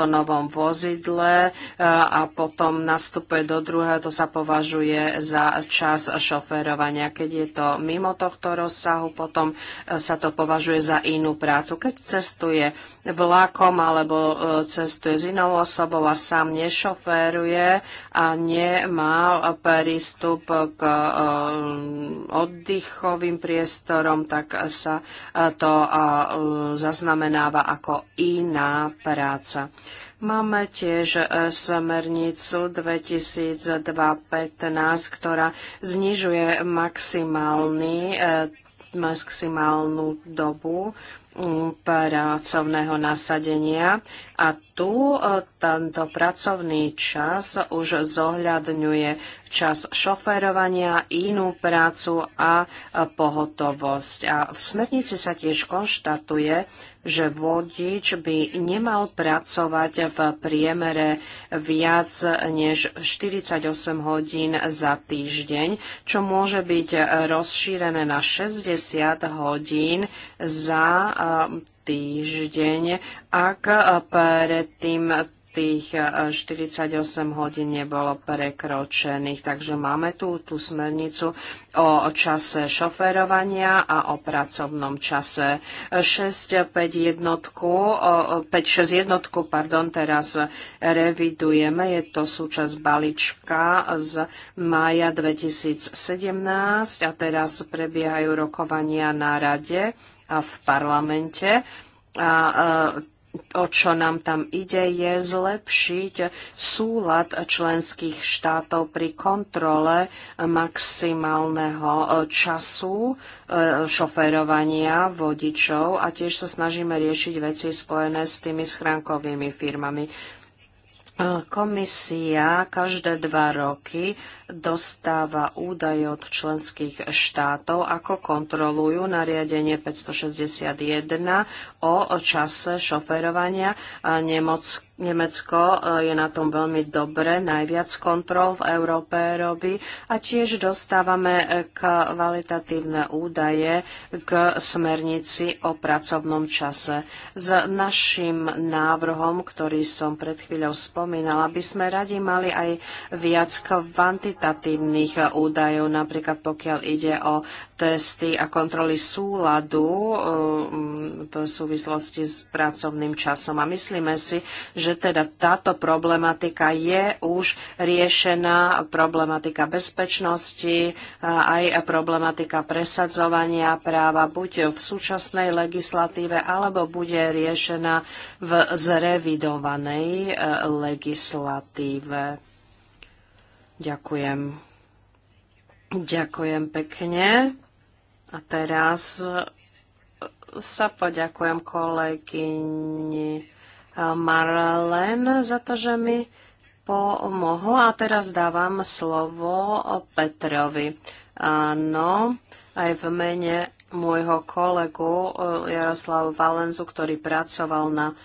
tonovom vozidle a potom nastupuje do druhého, to sa považuje za čas šoferovania. Keď keď je to mimo tohto rozsahu, potom e, sa to považuje za inú prácu. Keď cestuje vlakom alebo e, cestuje s inou osobou a sám nešoféruje a nemá prístup k e, oddychovým priestorom, tak sa to zaznamenáva ako iná práca. Máme tiež e, smernicu 2002-15, ktorá znižuje maximálny e, maximálnu dobu mm, pracovného nasadenia a tu e, tento pracovný čas už zohľadňuje čas šoférovania, inú prácu a pohotovosť. A v smernici sa tiež konštatuje, že vodič by nemal pracovať v priemere viac než 48 hodín za týždeň, čo môže byť rozšírené na 60 hodín za týždeň, ak predtým tých 48 e, hodín nebolo prekročených. Takže máme tu tú smernicu o čase šoferovania a o pracovnom čase. 6, 5, jednotku, 5, 6 jednotku pardon, teraz revidujeme. Je to súčasť balíčka z mája 2017 a teraz prebiehajú rokovania na rade a v parlamente. A, a e, o čo nám tam ide, je zlepšiť súlad členských štátov pri kontrole maximálneho e, času e, šoferovania vodičov a tiež sa snažíme riešiť veci spojené s tými schránkovými firmami. E, komisia každé dva roky dostáva údaje od členských štátov, ako kontrolujú nariadenie 561 o čase šoferovania. Nemoc, Nemecko e, je na tom veľmi dobre, najviac kontrol v Európe robí a tiež dostávame e, kvalitatívne údaje k smernici o pracovnom čase. S našim návrhom, ktorý som pred chvíľou spomínala, by sme radi mali aj viac kvantitatívne kvalitatívnych eh, údajov, napríklad pokiaľ ide o testy a kontroly súladu eh, v súvislosti s pracovným časom. A myslíme si, že teda táto problematika je už riešená, problematika bezpečnosti, eh, aj problematika presadzovania práva buď v súčasnej legislatíve, alebo bude riešená v zrevidovanej legislatíve. Ďakujem. Ďakujem pekne. A teraz sa poďakujem kolegyni eh, Marlen za to, že mi pomohla. A teraz dávam slovo Petrovi. Áno, aj v mene môjho kolegu eh, Jaroslavu Valenzu, ktorý pracoval na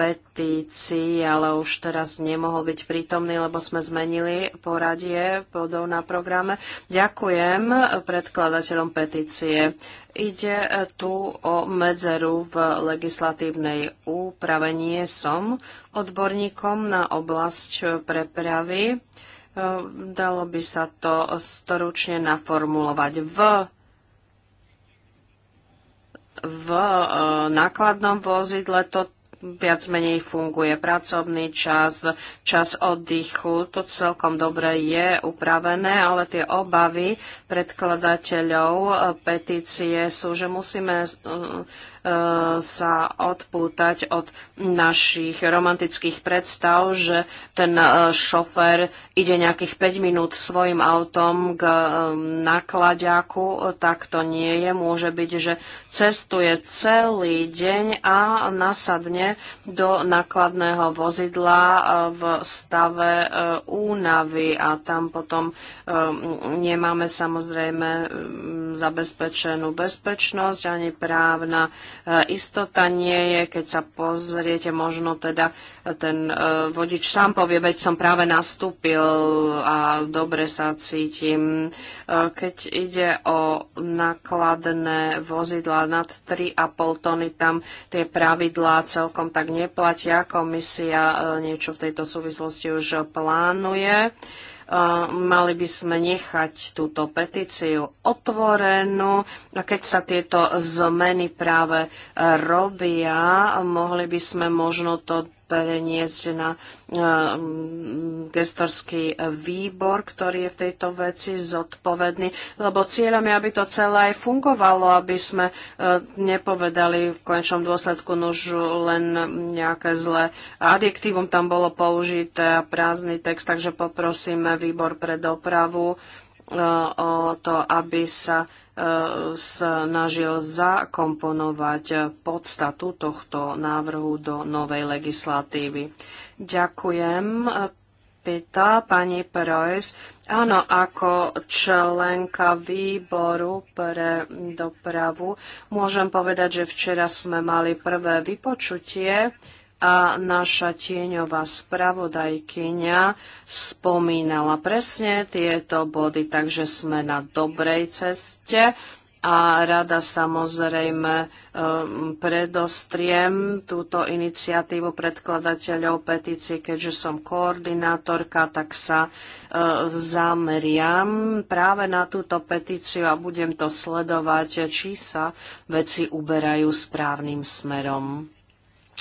petícii ale už teraz nemohol byť prítomný, lebo sme zmenili poradie bodov na programe. Ďakujem predkladateľom petície. Ide tu o medzeru v legislatívnej úprave. Nie som odborníkom na oblasť prepravy. E, dalo by sa to storučne naformulovať v v e, nákladnom vozidle to viac menej funguje pracovný čas, čas oddychu. To celkom dobre je upravené, ale tie obavy predkladateľov eh, petície sú, že musíme eh, Eh, sa odpútať od našich romantických predstav, že ten eh, šofér ide nejakých 5 minút svojim autom k eh, nakladiaku, tak to nie je. Môže byť, že cestuje celý deň a nasadne do nakladného vozidla v stave únavy a tam potom nemáme samozrejme mm, zabezpečenú bezpečnosť ani právna E, istota nie je, keď sa pozriete, možno teda ten e, vodič sám povie, veď som práve nastúpil a dobre sa cítim. E, keď ide o nákladné vozidla nad 3,5 tony, tam tie pravidlá celkom tak neplatia. Komisia niečo v tejto súvislosti už plánuje. Yeah mali by sme nechať túto petíciu otvorenú. A keď sa tieto zmeny práve robia, mohli by sme možno to preniesť na gestorský výbor, ktorý je v tejto veci zodpovedný, lebo cieľom je, aby to celé aj fungovalo, aby sme e, nepovedali v konečnom dôsledku už len nejaké zlé adjektívum tam bolo použité a prázdny text, takže poprosíme výbor pre dopravu, o to, aby sa e, snažil zakomponovať podstatu tohto návrhu do novej legislatívy. Ďakujem, pýta pani Preuss. Áno, ako členka výboru pre dopravu môžem povedať, že včera sme mali prvé vypočutie a naša tieňová spravodajkyňa spomínala presne tieto body, takže sme na dobrej ceste a rada samozrejme ehm, predostriem túto iniciatívu predkladateľov petície, keďže som koordinátorka, tak sa ehm, zameriam práve na túto petíciu a budem to sledovať, či sa veci uberajú správnym smerom.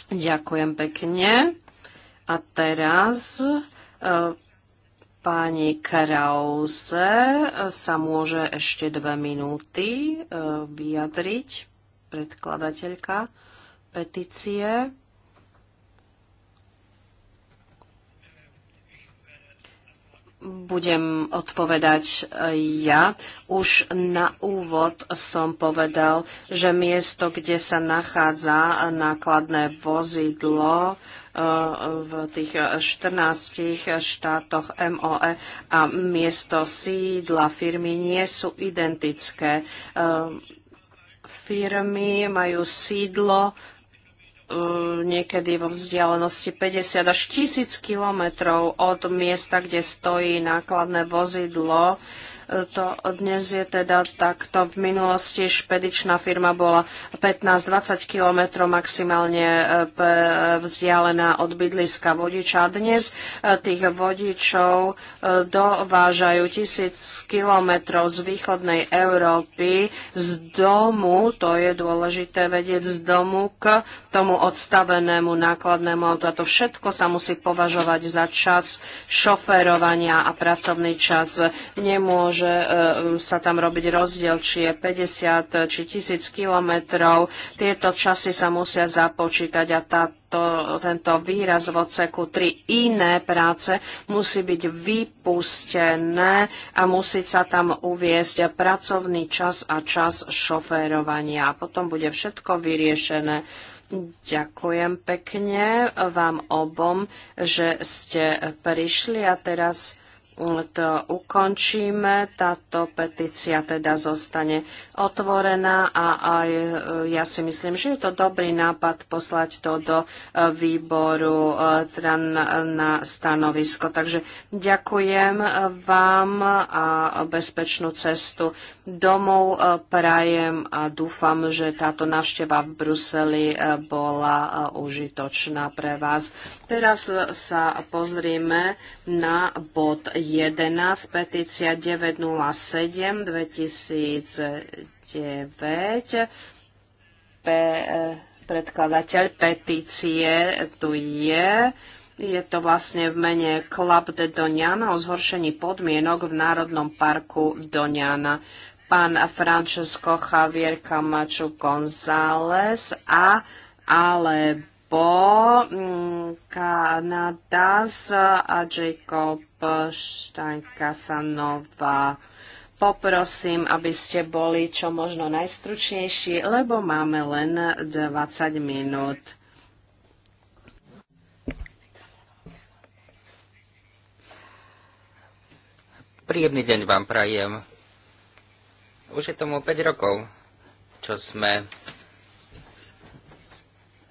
Ďakujem pekne. A teraz eh, Pani Krause eh, sa môže ešte dve minúty eh, vyjadriť, predkladateľka petície. budem odpovedať e, ja. Už na úvod som povedal, že miesto, kde sa nachádza nákladné vozidlo, e, v tých 14 štátoch MOE a miesto sídla firmy nie sú identické. E, firmy majú sídlo E, niekedy vo vzdialenosti 50 až 1000 kilometrov od miesta, kde stojí nákladné vozidlo to dnes je teda takto. V minulosti špedičná firma bola 15-20 km maximálne e, vzdialená od bydliska vodiča. Dnes e, tých vodičov e, dovážajú tisíc kilometrov z východnej Európy z domu, to je dôležité vedieť, z domu k tomu odstavenému nákladnému autu. A to všetko sa musí považovať za čas šoferovania a pracovný čas. Nemôže môže e, sa tam robiť rozdiel, či je 50 či 1000 kilometrov. Tieto časy sa musia započítať a tá to, tento výraz v oceku 3 iné práce musí byť vypustené a musí sa tam uviezť pracovný čas a čas šoférovania. A potom bude všetko vyriešené. Ďakujem pekne vám obom, že ste prišli a teraz to ukončíme. Táto petícia teda zostane otvorená a aj e, ja si myslím, že je to dobrý nápad poslať to do e, výboru e, na stanovisko. Takže ďakujem vám a bezpečnú cestu domov prajem a dúfam, že táto návšteva v Bruseli bola užitočná pre vás. Teraz sa pozrieme na bod 1 petícia 907 2009. Pe, eh, predkladateľ petície tu je. Je to vlastne v mene Club de Doniana o zhoršení podmienok v Národnom parku Doniana. Pán Francesco Javier Camacho González a alebo mm, Kanadas a Jacob Štaňka Sanová. Poprosím, aby ste boli čo možno najstručnejší, lebo máme len 20 minút. Príjemný deň vám prajem. Už je tomu 5 rokov, čo sme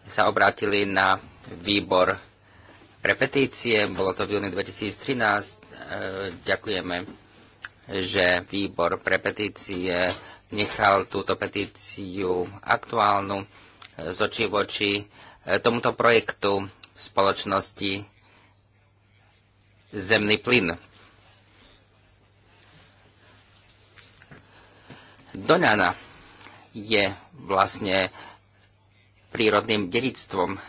sa obrátili na výbor pre petície. Bolo to v júni 2013. E, ďakujeme, že výbor pre petície nechal túto petíciu aktuálnu e, z očí v oči e, tomuto projektu v spoločnosti Zemný plyn. Doňana je vlastne prírodným dedictvom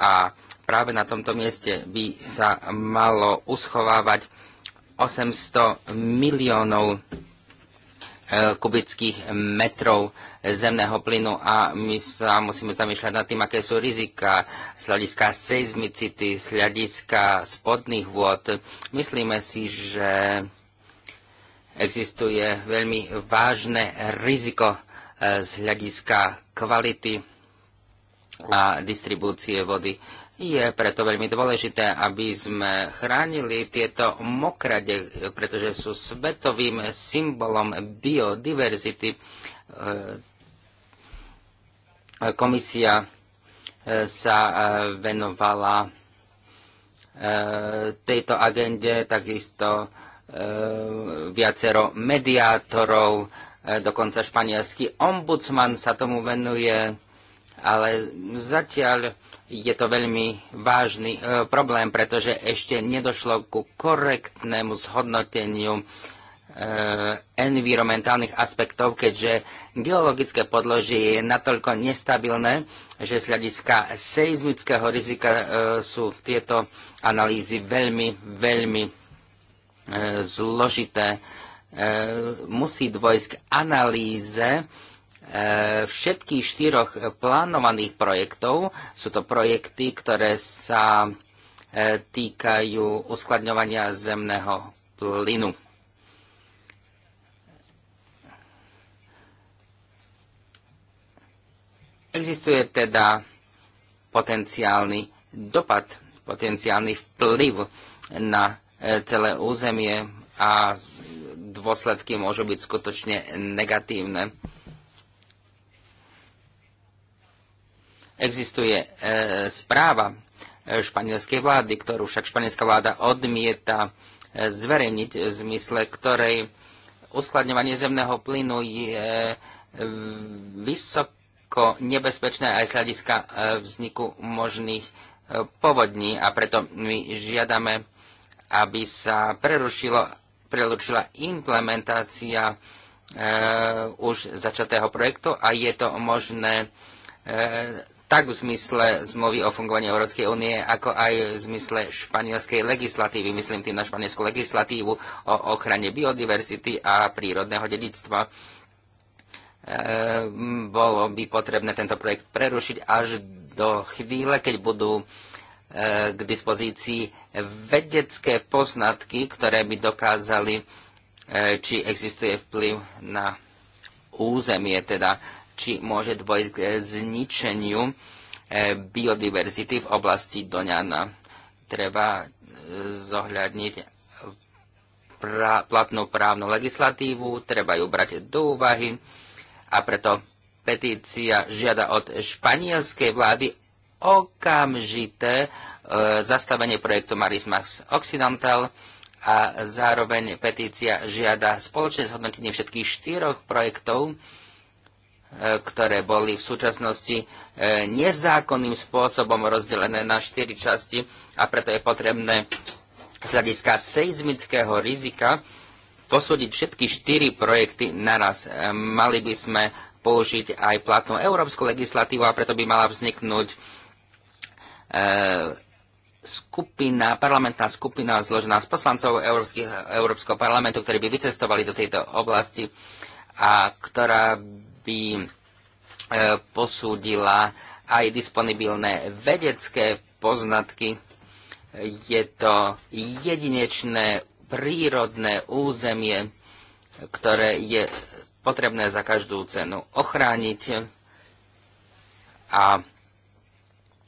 a práve na tomto mieste by sa malo uschovávať 800 miliónov e, kubických metrov zemného plynu a my sa musíme zamýšľať nad tým, aké sú rizika z hľadiska seizmicity, z hľadiska spodných vôd. Myslíme si, že existuje veľmi vážne riziko e, z hľadiska kvality a distribúcie vody je preto veľmi dôležité, aby sme chránili tieto mokrade, pretože sú svetovým symbolom biodiverzity. E, komisia e, sa e, venovala tejto agende, takisto viacero mediátorov, dokonca španielský ombudsman sa tomu venuje, ale zatiaľ je to veľmi vážny e, problém, pretože ešte nedošlo ku korektnému zhodnoteniu e, environmentálnych aspektov, keďže geologické podložie je natoľko nestabilné, že z hľadiska seizmického rizika e, sú tieto analýzy veľmi, veľmi e, zložité. E, musí dôjsť k analýze e, E, všetkých štyroch plánovaných projektov, sú to projekty, ktoré sa e, týkajú uskladňovania zemného plynu. Existuje teda potenciálny dopad, potenciálny vplyv na e, celé územie a dôsledky môžu byť skutočne negatívne. Existuje e, správa e, španielskej vlády, ktorú však španielská vláda odmieta e, zverejniť v zmysle, ktorej uskladňovanie zemného plynu je e, vysoko nebezpečné aj z hľadiska vzniku možných povodní a preto my žiadame, aby sa prerušilo, prerušila implementácia už začatého projektu a je to možné tak v zmysle zmluvy o fungovaní Európskej únie, ako aj v zmysle španielskej legislatívy, myslím tým na španielskú legislatívu o ochrane biodiverzity a prírodného dedictva. E, bolo by potrebné tento projekt prerušiť až do chvíle, keď budú e, k dispozícii vedecké poznatky, ktoré by dokázali, e, či existuje vplyv na územie, teda či môže dôjsť k zničeniu e, biodiverzity v oblasti Doňana. Treba e, zohľadniť pra, platnú právnu legislatívu, treba ju brať do úvahy a preto petícia žiada od španielskej vlády okamžité e, zastavenie projektu Marismax Occidental a zároveň petícia žiada spoločné zhodnotenie všetkých štyroch projektov, ktoré boli v súčasnosti e, nezákonným spôsobom rozdelené na štyri časti a preto je potrebné z hľadiska seizmického rizika posúdiť všetky štyri projekty naraz. E, mali by sme použiť aj platnú európsku legislatívu a preto by mala vzniknúť e, skupina, parlamentná skupina zložená z poslancov Európskeho parlamentu, ktorí by vycestovali do tejto oblasti a ktorá by e, posúdila aj disponibilné vedecké poznatky. Je to jedinečné prírodné územie, ktoré je potrebné za každú cenu ochrániť a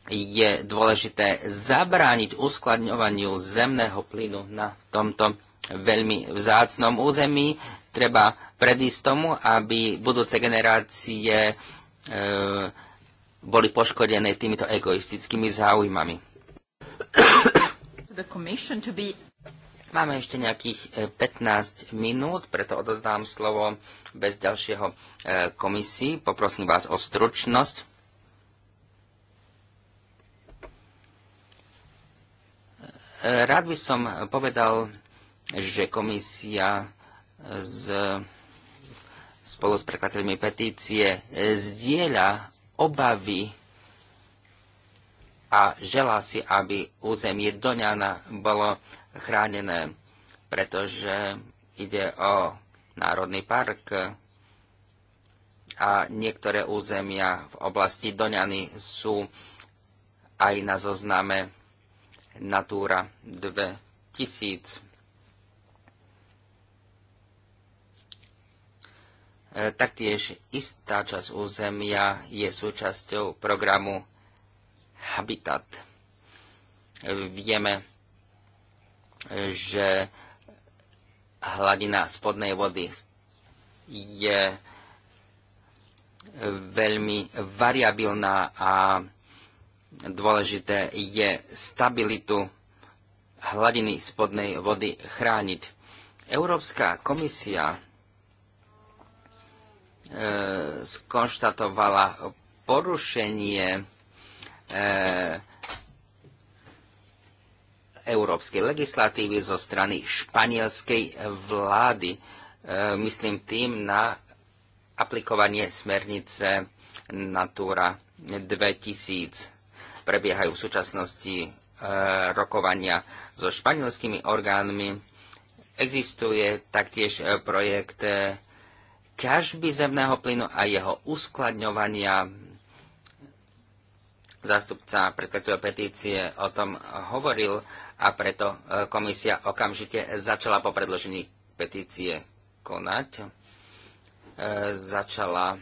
je dôležité zabrániť uskladňovaniu zemného plynu na tomto veľmi vzácnom území. Treba predísť tomu, aby budúce generácie e, boli poškodené týmito egoistickými záujmami. Máme ešte nejakých 15 e, minút, preto odozdám slovo bez ďalšieho e, komisii. Poprosím vás o stručnosť. E, rád by som povedal, že komisia z spolu s prekladateľmi petície e, zdieľa obavy a želá si, aby územie Doňana bolo chránené, pretože ide o národný park a niektoré územia v oblasti Doňany sú aj na zozname Natura 2000. E, taktiež istá časť územia je súčasťou programu Habitat. E, vieme, že hladina spodnej vody je veľmi variabilná a dôležité je stabilitu hladiny spodnej vody chrániť. Európska komisia E, skonštatovala porušenie e, európskej legislatívy zo strany španielskej vlády. E, myslím tým na aplikovanie smernice Natura 2000. Prebiehajú v súčasnosti rokovania so španielskými orgánmi. Existuje taktiež projekt ťažby zemného plynu a jeho uskladňovania. Zástupca predkladateľa petície o tom hovoril a preto e, komisia okamžite začala po predložení petície konať. E, začala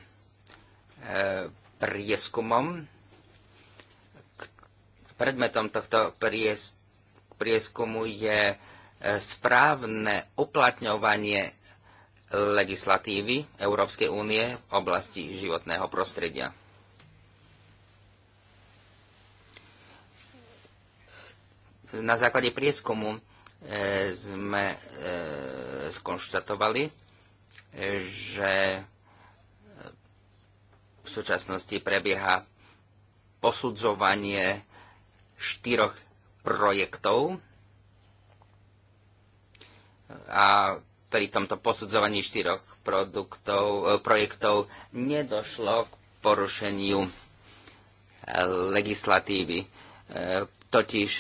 e, prieskumom. Predmetom tohto prieskumu je správne uplatňovanie legislatívy Európskej únie v oblasti životného prostredia. Na základe prieskumu e, sme e, skonštatovali, e, že v súčasnosti prebieha posudzovanie štyroch projektov a pri tomto posudzovaní štyroch produktov, e, projektov nedošlo k porušeniu e, legislatívy. E, totiž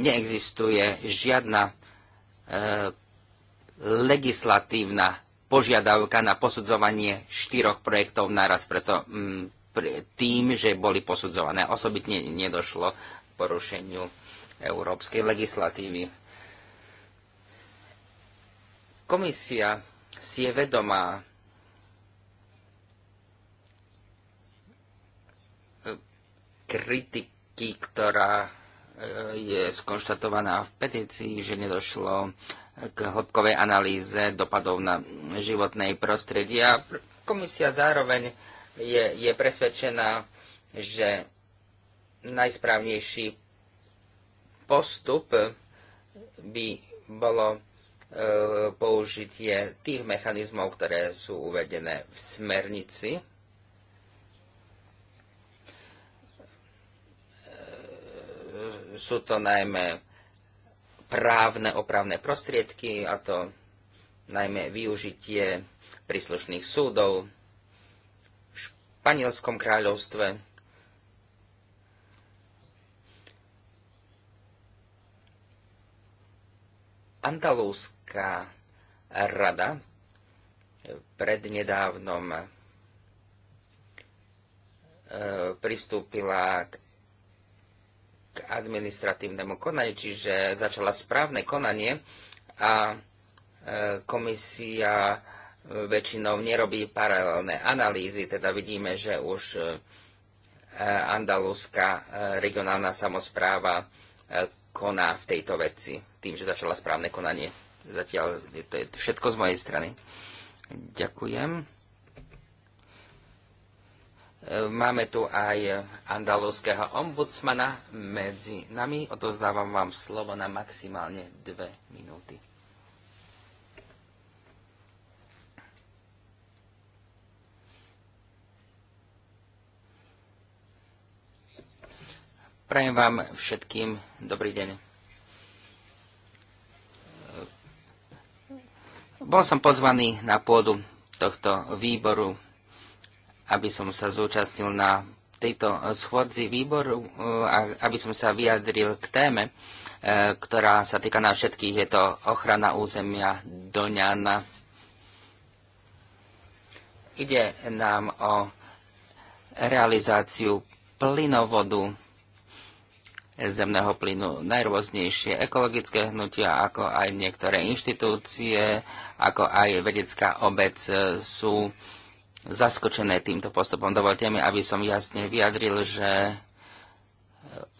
neexistuje žiadna legislatívna požiadavka na posudzovanie štyroch projektov naraz, preto mm, tým, že boli posudzované osobitne, nedošlo k porušeniu európskej legislatívy Komisia si je vedomá e, kritiky, ktorá e, je skonštatovaná v petícii, že nedošlo k hĺbkovej analýze dopadov na životné prostredie. A komisia zároveň je, je presvedčená, že najsprávnejší postup by bolo E, použitie tých mechanizmov, ktoré sú uvedené v smernici. E, sú to najmä právne opravné prostriedky, a to najmä využitie príslušných súdov v Španielskom kráľovstve, Andalúská rada prednedávnom e, pristúpila k k administratívnemu konaniu, čiže začala správne konanie a e, komisia e, väčšinou nerobí paralelné analýzy, teda vidíme, že už andalúska regionálna samozpráva koná v tejto veci, tým, že začala správne konanie. Zatiaľ je to je všetko z mojej strany. Ďakujem. E, máme tu aj andalovského ombudsmana medzi nami. Odozdávam vám slovo na maximálne dve minúty. Prajem vám všetkým dobrý deň. Bol som pozvaný na pôdu tohto výboru, aby som sa zúčastnil na tejto schôdzi výboru, e, aby som sa vyjadril k téme, e, ktorá sa týka na všetkých. Je to ochrana územia Doňana. Ide nám o realizáciu plynovodu zemného plynu. Najrôznejšie ekologické hnutia, ako aj niektoré inštitúcie, ako aj vedecká obec e, sú zaskočené týmto postupom. Dovolte mi, aby som jasne vyjadril, že e,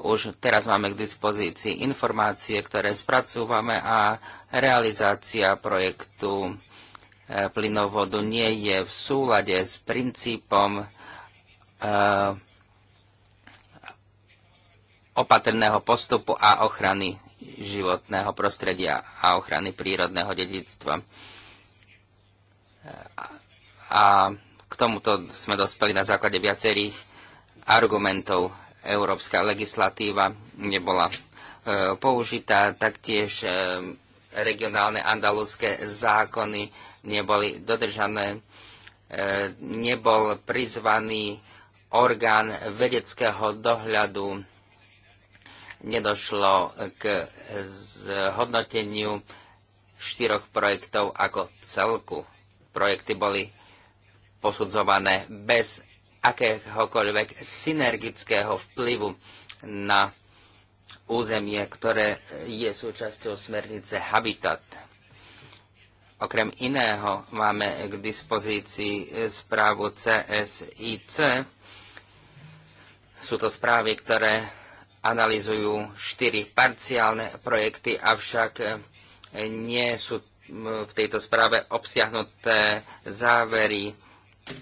už teraz máme k dispozícii informácie, ktoré spracúvame a realizácia projektu e, plynovodu nie je v súlade s princípom uh, opatrného postupu a ochrany životného prostredia a ochrany prírodného dedictva. A k tomuto sme dospeli na základe viacerých argumentov. Európska legislatíva nebola e, použitá, taktiež e, regionálne andalúzske zákony neboli dodržané, e, nebol prizvaný orgán vedeckého dohľadu nedošlo k zhodnoteniu štyroch projektov ako celku. Projekty boli posudzované bez akéhokoľvek synergického vplyvu na územie, ktoré je súčasťou smernice Habitat. Okrem iného máme k dispozícii správu CSIC. Sú to správy, ktoré analizujú štyri parciálne projekty, avšak e, nie sú v tejto správe obsiahnuté závery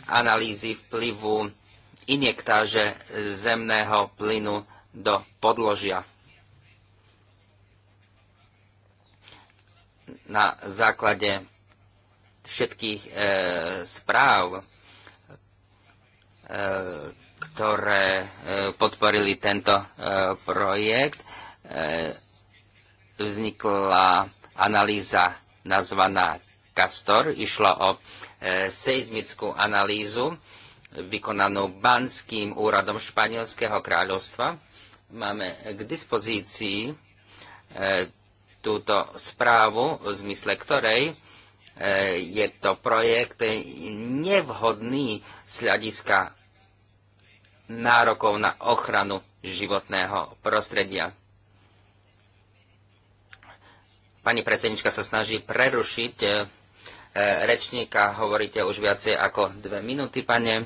analýzy vplyvu injektáže zemného plynu do podložia. Na základe všetkých e, správ, e, ktoré e, podporili tento e, projekt. E, vznikla analýza nazvaná Castor. Išlo o seizmickú analýzu vykonanú Banským úradom Španielského kráľovstva. Máme k dispozícii túto správu, v zmysle ktorej je to projekt nevhodný z hľadiska nárokov na ochranu životného prostredia. Pani predsednička sa snaží prerušiť e, e, rečníka, hovoríte už viacej ako dve minúty, pane.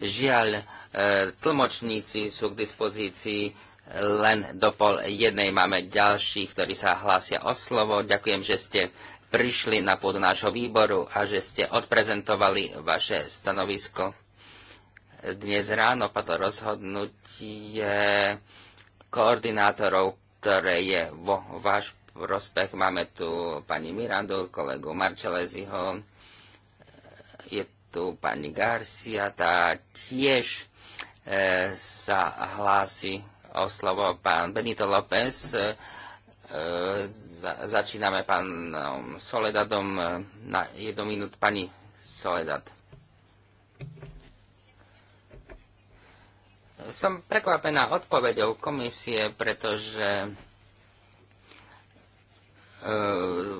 Žiaľ, e, tlmočníci sú k dispozícii len do pol jednej. Máme ďalších, ktorí sa hlásia o slovo. Ďakujem, že ste prišli na pôdu nášho výboru a že ste odprezentovali vaše stanovisko. Dnes ráno padlo rozhodnutie koordinátorov, ktoré je vo váš prospech. Máme tu pani Mirandu, kolegu Marčeleziho, je tu pani Garcia, tá tiež e, sa hlási o slovo pán Benito López. E, za, začíname pán Soledadom. Na jednu minút pani Soledad. som prekvapená odpovedou komisie, pretože e,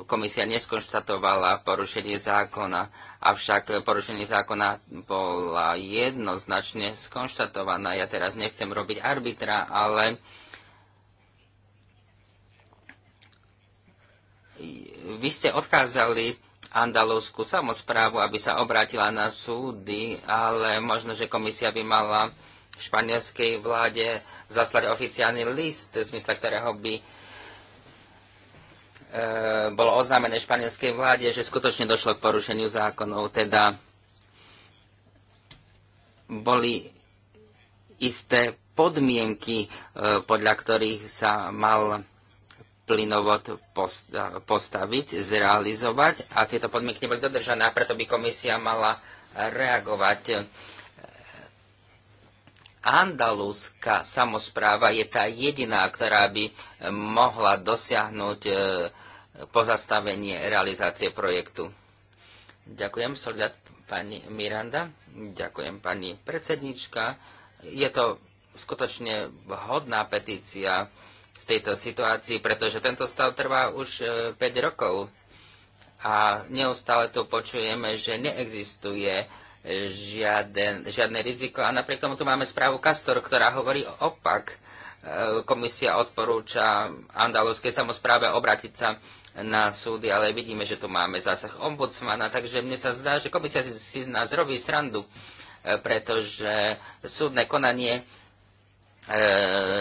komisia neskonštatovala porušenie zákona, avšak porušenie zákona bola jednoznačne skonštatovaná. Ja teraz nechcem robiť arbitra, ale vy ste odkázali andalúzskú samozprávu, aby sa obrátila na súdy, ale možno, že komisia by mala španielskej vláde zaslať oficiálny list, v zmysle ktorého by e, bolo oznámené španielskej vláde, že skutočne došlo k porušeniu zákonov, teda boli isté podmienky, e, podľa ktorých sa mal plynovod postaviť, zrealizovať a tieto podmienky neboli dodržané a preto by komisia mala reagovať andalúzska samozpráva je tá jediná, ktorá by eh, mohla dosiahnuť eh, pozastavenie realizácie projektu. Ďakujem, soldát pani Miranda. Ďakujem, pani predsednička. Je to skutočne vhodná petícia v tejto situácii, pretože tento stav trvá už 5 eh, rokov a neustále tu počujeme, že neexistuje žiaden, žiadne riziko. A napriek tomu tu máme správu Castor, ktorá hovorí opak. E, komisia odporúča andalúskej samozpráve obrátiť sa na súdy, ale vidíme, že tu máme zásah ombudsmana, takže mne sa zdá, že komisia si, si z nás robí srandu, e, pretože súdne konanie e,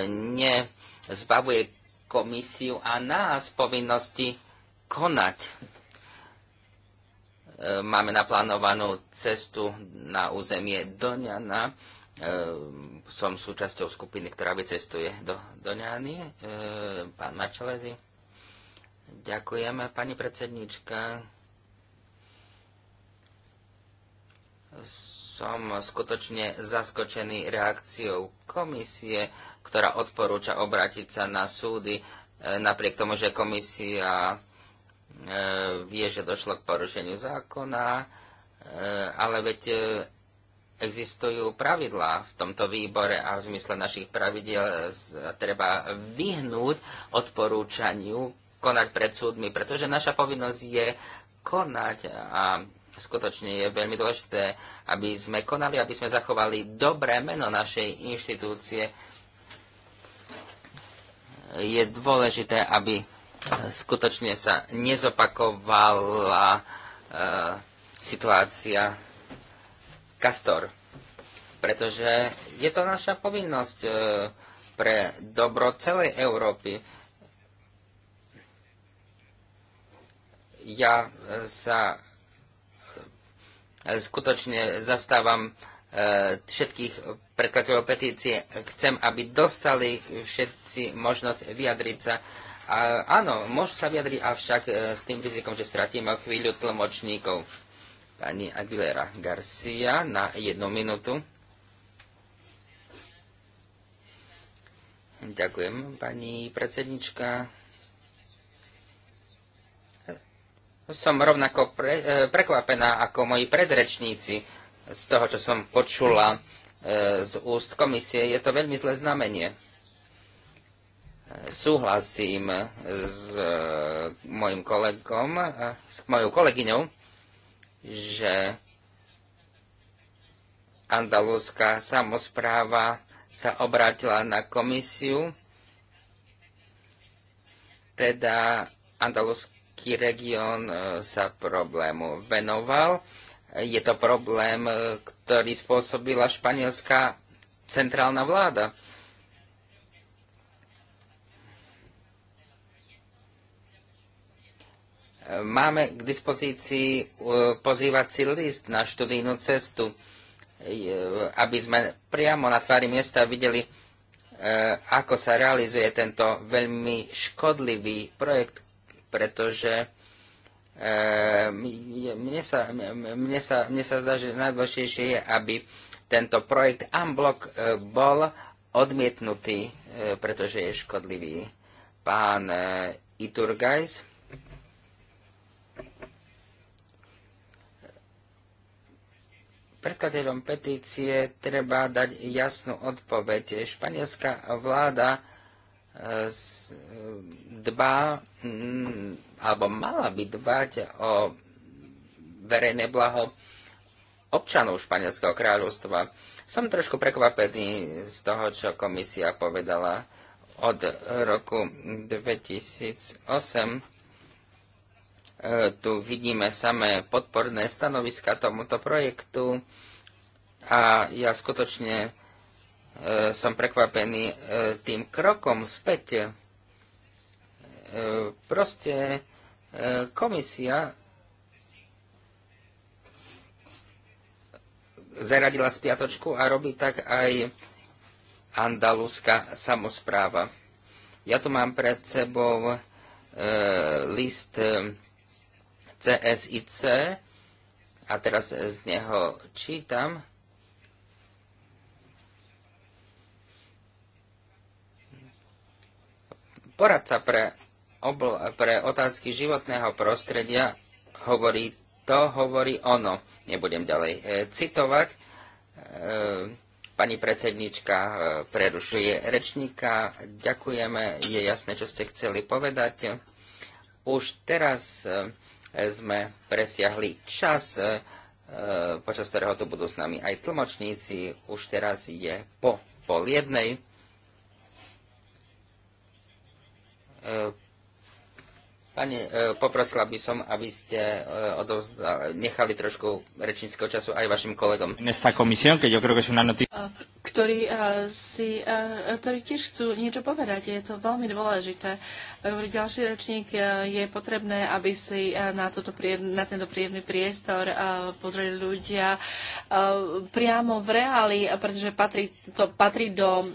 nezbavuje komisiu a nás povinnosti konať E, máme naplánovanú cestu na územie Doňana. E, som súčasťou skupiny, ktorá vycestuje do Doňany. E, pán Mačelezi. Ďakujeme, pani predsednička. Som skutočne zaskočený reakciou komisie, ktorá odporúča obrátiť sa na súdy, napriek tomu, že komisia E, vie, že došlo k porušeniu zákona, e, ale veď e, existujú pravidlá v tomto výbore a v zmysle našich pravidel treba vyhnúť odporúčaniu konať pred súdmi, pretože naša povinnosť je konať a skutočne je veľmi dôležité, aby sme konali, aby sme zachovali dobré meno našej inštitúcie. Je dôležité, aby skutočne sa nezopakovala e, situácia kastor, pretože je to naša povinnosť e, pre dobro celej Európy. Ja sa eh, skutočne zastávam všetkých predkladateľov petície. Chcem, aby dostali všetci možnosť vyjadriť sa a, áno, môžu sa vyjadriť, avšak e, s tým rizikom, že stratíme o chvíľu tlmočníkov. Pani Aguilera Garcia na jednu minútu. Ďakujem, pani predsednička. Som rovnako pre, e, prekvapená ako moji predrečníci z toho, čo som počula e, z úst komisie. Je to veľmi zlé znamenie súhlasím s e, mojim kolegom, e, s mojou kolegyňou, že andalúzska samozpráva sa obrátila na komisiu, teda andalúzsky región e, sa problému venoval. Je to problém, ktorý spôsobila španielská centrálna vláda. Máme k dispozícii e, pozývací list na študijnú cestu, e, aby sme priamo na tvári miesta videli, e, ako sa realizuje tento veľmi škodlivý projekt, pretože mne sa, mne sa, mne sa zdá, že najdôležitejšie je, aby tento projekt Unblock bol odmietnutý, pretože je škodlivý. Pán Iturgajs. Predkladateľom petície treba dať jasnú odpoveď. Španielská vláda e, e, dba, mm, alebo mala by dbať o verejné blaho občanov Španielského kráľovstva. Som trošku prekvapený z toho, čo komisia povedala od roku 2008 E, tu vidíme samé podporné stanoviska tomuto projektu a ja skutočne e, som prekvapený e, tým krokom späť. Proste komisia zaradila spiatočku a robí tak aj andalúska samozpráva. Ja tu mám pred sebou list CSIC a teraz z neho čítam. Poradca pre, obl- pre otázky životného prostredia hovorí to, hovorí ono. Nebudem ďalej e, citovať. E, pani predsednička e, prerušuje rečníka. Ďakujeme, je jasné, čo ste chceli povedať. Už teraz e, sme presiahli čas, e, e, počas ktorého tu budú s nami aj tlmočníci. Už teraz je po pol jednej. E, Pani, e, poprosila by som, aby ste e, nechali trošku rečníckého času aj vašim kolegom. Ktorí, si, ktorí tiež chcú niečo povedať. Je to veľmi dôležité. ďalší rečník, e, je potrebné, aby si na, toto, na tento príjemný priestor pozreli ľudia priamo v reáli, pretože patrí, to patrí do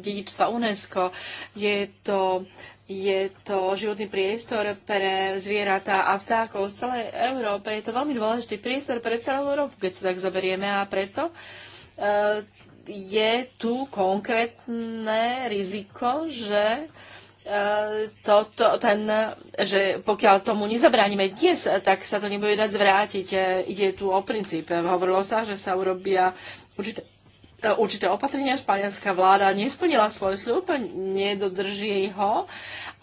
dedičstva UNESCO. Je to je to životný priestor pre zvieratá a vtákov z celej Európe. Je to veľmi dôležitý priestor pre celú Európu, keď sa tak zoberieme a preto eh, je tu konkrétne riziko, že eh, to, to, ten, že pokiaľ tomu nezabránime dnes, tak sa to nebude dať zvrátiť. Eh, ide tu o princíp. Hovorilo sa, že sa urobia určité E, určité opatrenia. Španielská vláda nesplnila svoj sľub, nedodrží ho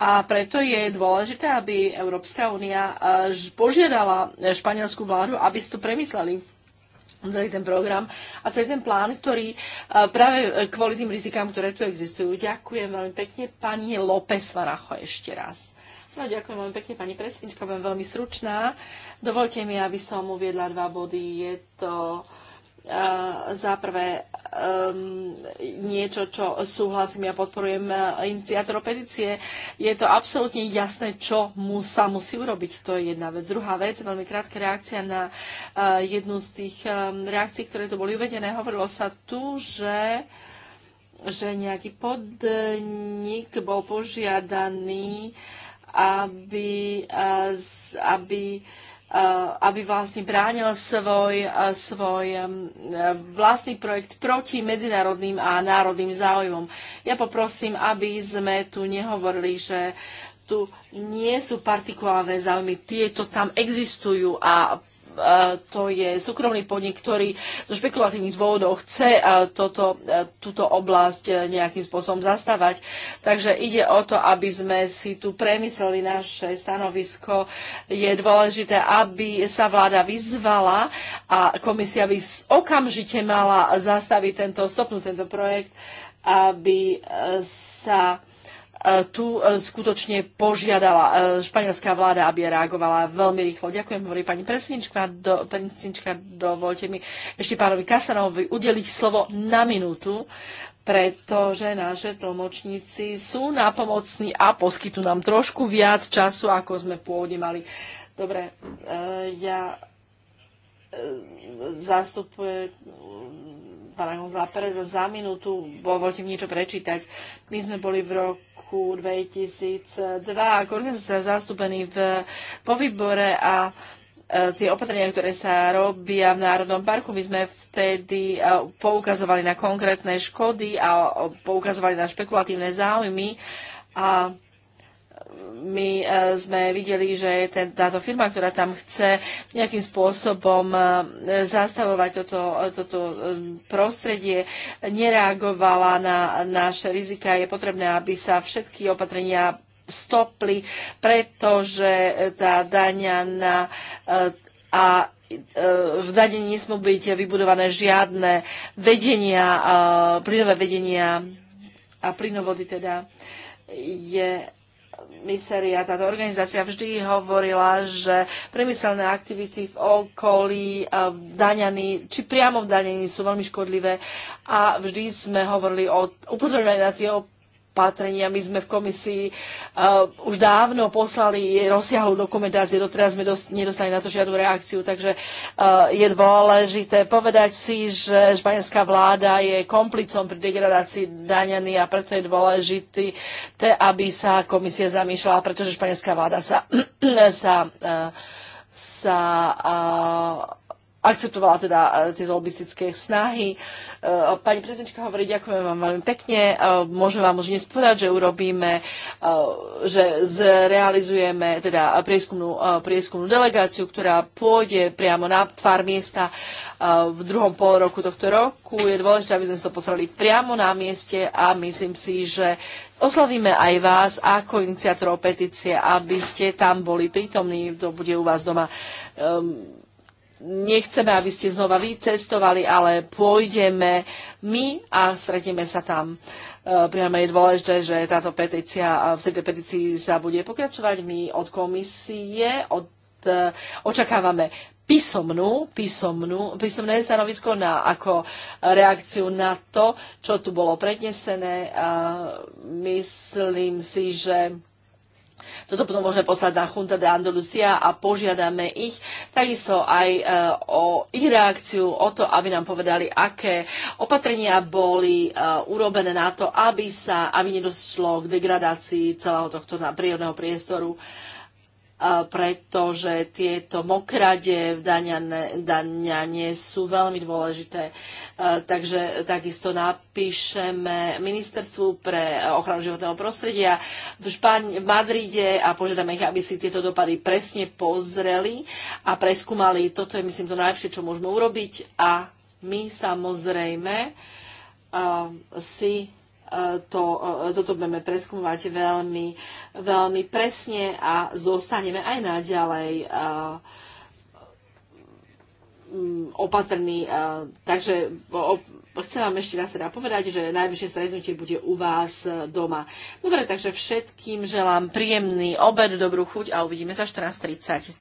a preto je dôležité, aby Európska únia e, požiadala španielskú vládu, aby si to premysleli celý ten program a celý ten plán, ktorý e, práve kvôli tým rizikám, ktoré tu existujú. Ďakujem veľmi pekne pani López Varacho ešte raz. No, ďakujem veľmi pekne, pani predsednička, veľmi stručná. Dovolte mi, aby som uviedla dva body. Je to za prvé um, niečo, čo súhlasím, ja podporujem e, iniciátorov petície. Je to absolútne jasné, čo mu sa musí urobiť. To je jedna vec. Druhá vec, veľmi krátka reakcia na uh, jednu z tých um, reakcií, ktoré tu boli uvedené. Hovorilo sa tu, že že nejaký podnik bol požiadaný, aby, aby Eh, aby vlastne bránil svoj, eh, svoj eh, vlastný projekt proti medzinárodným a národným záujmom. Ja poprosím, aby sme tu nehovorili, že tu nie sú partikulárne záujmy, tieto tam existujú a to je súkromný podnik, ktorý zo špekulatívnych dôvodov chce toto, e, túto oblasť e, nejakým spôsobom zastávať. Takže ide o to, aby sme si tu premysleli naše stanovisko. Je dôležité, aby sa vláda vyzvala a komisia by okamžite mala zastaviť tento, stopnúť tento projekt, aby e, sa E, tu e, skutočne požiadala e, španielská vláda, aby reagovala veľmi rýchlo. Ďakujem, hovorí pani presnička. Do, presnička dovolte mi ešte pánovi Kasanovi udeliť slovo na minútu, pretože naše tlmočníci sú napomocní a poskytnú nám trošku viac času, ako sme pôvodne mali. Dobre, ja zastupujem pána Gonzala Pereza za minútu, dovolte mi niečo prečítať. My sme boli v roku 2002 ako organizácia zastúpení v, po výbore a e, tie opatrenia, ktoré sa robia v Národnom parku. My sme vtedy e, poukazovali na konkrétne škody a poukazovali na špekulatívne záujmy a my e, sme videli, že táto firma, ktorá tam chce nejakým spôsobom e, zastavovať toto, toto e, prostredie, nereagovala na naše rizika. Je potrebné, aby sa všetky opatrenia stopli, pretože tá daňa na a v dane nesmú byť vybudované žiadne vedenia, plynové vedenia a plynovody teda je miseria. Táto organizácia vždy hovorila, že priemyselné aktivity v okolí v eh, Daňany, či priamo v daňaní sú veľmi škodlivé a vždy sme hovorili o, upozorňovaní na tie my sme v komisii uh, už dávno poslali rozsiahlu dokumentáciu, doteraz sme dost, nedostali na to žiadnu reakciu, takže uh, je dôležité povedať si, že španielská vláda je komplicom pri degradácii daňany a preto je dôležité, aby sa komisia zamýšľala, pretože španielská vláda sa, sa, uh, sa uh, akceptovala teda e, tieto lobistické snahy. E, pani prezidentka hovorí, ďakujem vám veľmi pekne. E, Môžeme vám už dnes povedať, že urobíme, že zrealizujeme teda prieskumnú, prieskumnú delegáciu, ktorá pôjde priamo na tvár miesta v druhom pol roku tohto roku. Je dôležité, aby sme to poslali priamo na mieste a myslím si, že Oslovíme aj vás ako iniciatorov petície, aby ste tam boli prítomní, to bude u vás doma. Um, nechceme, aby ste znova vycestovali, ale pôjdeme my a stretneme sa tam. E, priamo je dôležité, že táto petícia, e, v tejto petícii sa bude pokračovať. My od komisie od, e, očakávame písomnú, písomnú, písomné stanovisko na, ako reakciu na to, čo tu bolo prednesené. Myslím si, že toto potom môžeme poslať na Junta de Andalusia a požiadame ich takisto aj e, o ich reakciu, o to, aby nám povedali, aké opatrenia boli e, urobené na to, aby sa, aby nedošlo k degradácii celého tohto prírodného priestoru. Uh, pretože tieto mokrade v nie sú veľmi dôležité. Takže takisto napíšeme ministerstvu pre ochranu životného prostredia v, Špaň- v Madride a požiadame ich, aby si tieto dopady presne pozreli a preskúmali. Toto je, myslím, to najlepšie, čo môžeme urobiť a my samozrejme si to, e, toto budeme preskúmovať veľmi, veľmi presne a zostaneme aj naďalej e, opatrní. E, takže chcem vám ešte raz teda povedať, že najvyššie stretnutie bude u vás doma. Dobre, takže všetkým želám príjemný obed, dobrú chuť a uvidíme sa 14.30.